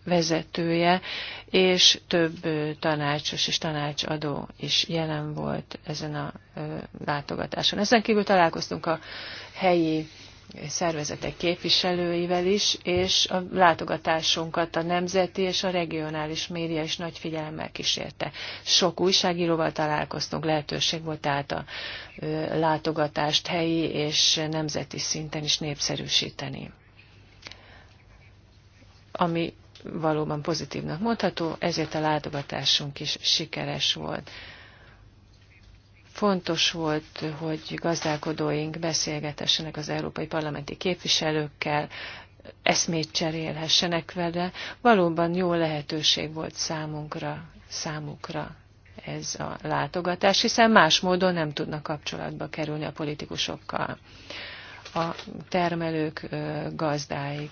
vezetője, és több tanácsos és tanácsadó is jelen volt ezen a látogatáson. Ezen kívül találkoztunk a helyi szervezetek képviselőivel is, és a látogatásunkat a nemzeti és a regionális média is nagy figyelemmel kísérte. Sok újságíróval találkoztunk, lehetőség volt tehát a látogatást helyi és nemzeti szinten is népszerűsíteni. Ami valóban pozitívnak mondható, ezért a látogatásunk is sikeres volt. Fontos volt, hogy gazdálkodóink beszélgetessenek az európai parlamenti képviselőkkel, eszmét cserélhessenek vele. Valóban jó lehetőség volt számunkra, számukra ez a látogatás, hiszen más módon nem tudnak kapcsolatba kerülni a politikusokkal a termelők, gazdáik,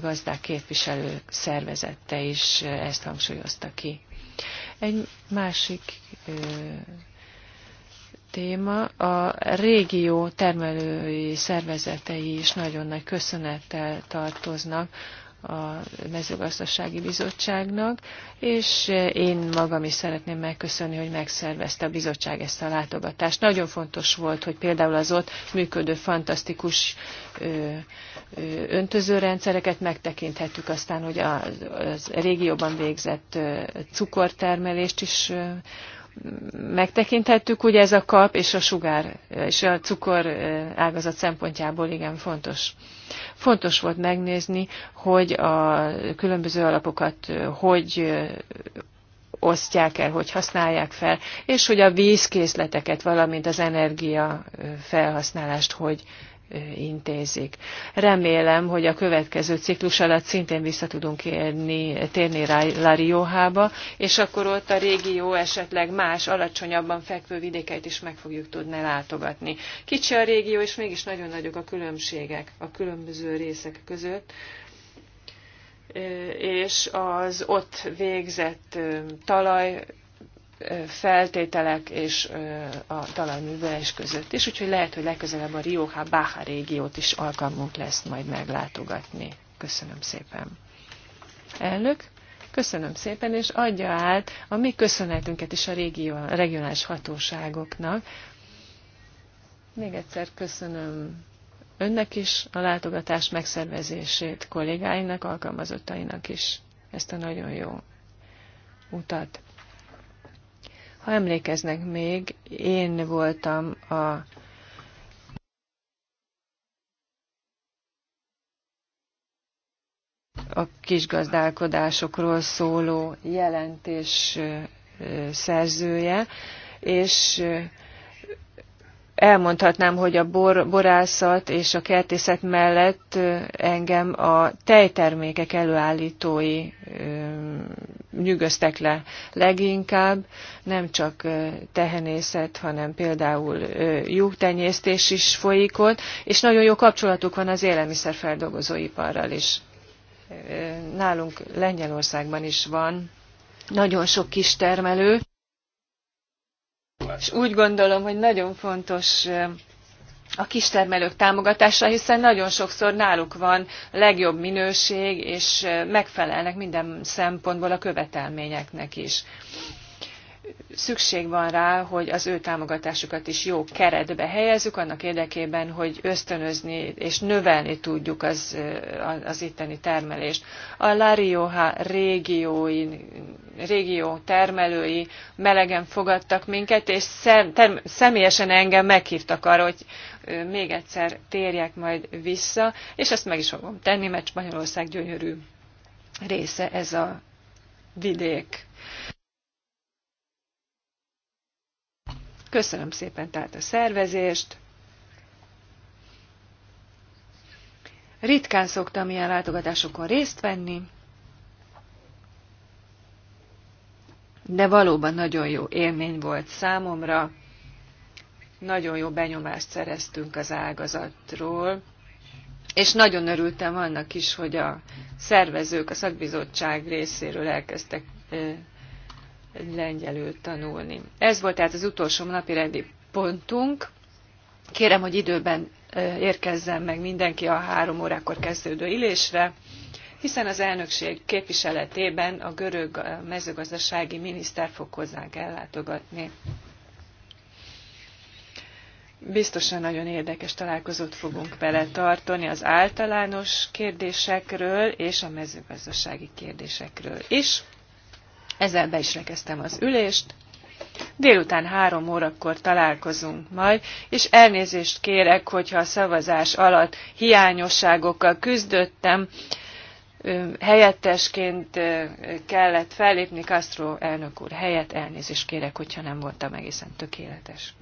gazdák képviselő szervezette is ezt hangsúlyozta ki. Egy másik téma. A régió termelői szervezetei is nagyon nagy köszönettel tartoznak a mezőgazdasági bizottságnak, és én magam is szeretném megköszönni, hogy megszervezte a bizottság ezt a látogatást. Nagyon fontos volt, hogy például az ott működő fantasztikus öntözőrendszereket megtekinthettük, aztán, hogy a, az régióban végzett cukortermelést is megtekinthettük, ugye ez a kap és a sugár és a cukor ágazat szempontjából igen fontos. Fontos volt megnézni, hogy a különböző alapokat hogy osztják el, hogy használják fel, és hogy a vízkészleteket, valamint az energia felhasználást hogy intézik. Remélem, hogy a következő ciklus alatt szintén vissza tudunk érni, térni La és akkor ott a régió esetleg más, alacsonyabban fekvő vidékeit is meg fogjuk tudni látogatni. Kicsi a régió, és mégis nagyon nagyok a különbségek a különböző részek között és az ott végzett talaj feltételek és a talajművelés között is, úgyhogy lehet, hogy legközelebb a Rioja Baja régiót is alkalmunk lesz majd meglátogatni. Köszönöm szépen. Elnök, köszönöm szépen, és adja át a mi köszönetünket is a régió, a regionális hatóságoknak. Még egyszer köszönöm önnek is a látogatás megszervezését, kollégáinak, alkalmazottainak is ezt a nagyon jó utat. Ha emlékeznek még, én voltam a a kisgazdálkodásokról szóló jelentés szerzője, és elmondhatnám, hogy a bor, borászat és a kertészet mellett engem a tejtermékek előállítói nyűgöztek le leginkább, nem csak tehenészet, hanem például juhtenyésztés is folyik ott, és nagyon jó kapcsolatuk van az élelmiszerfeldolgozóiparral is. Nálunk Lengyelországban is van nagyon sok kis termelő, és úgy gondolom, hogy nagyon fontos a kistermelők támogatása, hiszen nagyon sokszor náluk van legjobb minőség, és megfelelnek minden szempontból a követelményeknek is szükség van rá, hogy az ő támogatásukat is jó keretbe helyezzük, annak érdekében, hogy ösztönözni és növelni tudjuk az, az itteni termelést. A Rioja régiói, régió termelői melegen fogadtak minket, és szem, term, személyesen engem meghívtak arra, hogy még egyszer térjek majd vissza, és ezt meg is fogom tenni, mert Spanyolország gyönyörű része ez a vidék. Köszönöm szépen tehát a szervezést. Ritkán szoktam ilyen látogatásokon részt venni, de valóban nagyon jó élmény volt számomra. Nagyon jó benyomást szereztünk az ágazatról, és nagyon örültem annak is, hogy a szervezők a szakbizottság részéről elkezdtek lengyelül tanulni. Ez volt tehát az utolsó napi rendi pontunk. Kérem, hogy időben érkezzen meg mindenki a három órákor kezdődő ülésre, hiszen az elnökség képviseletében a görög mezőgazdasági miniszter fog hozzánk ellátogatni. Biztosan nagyon érdekes találkozót fogunk vele tartani az általános kérdésekről és a mezőgazdasági kérdésekről is. Ezzel be is rekeztem az ülést. Délután három órakor találkozunk majd, és elnézést kérek, hogyha a szavazás alatt hiányosságokkal küzdöttem, helyettesként kellett fellépni Castro elnök úr helyett, elnézést kérek, hogyha nem voltam egészen tökéletes.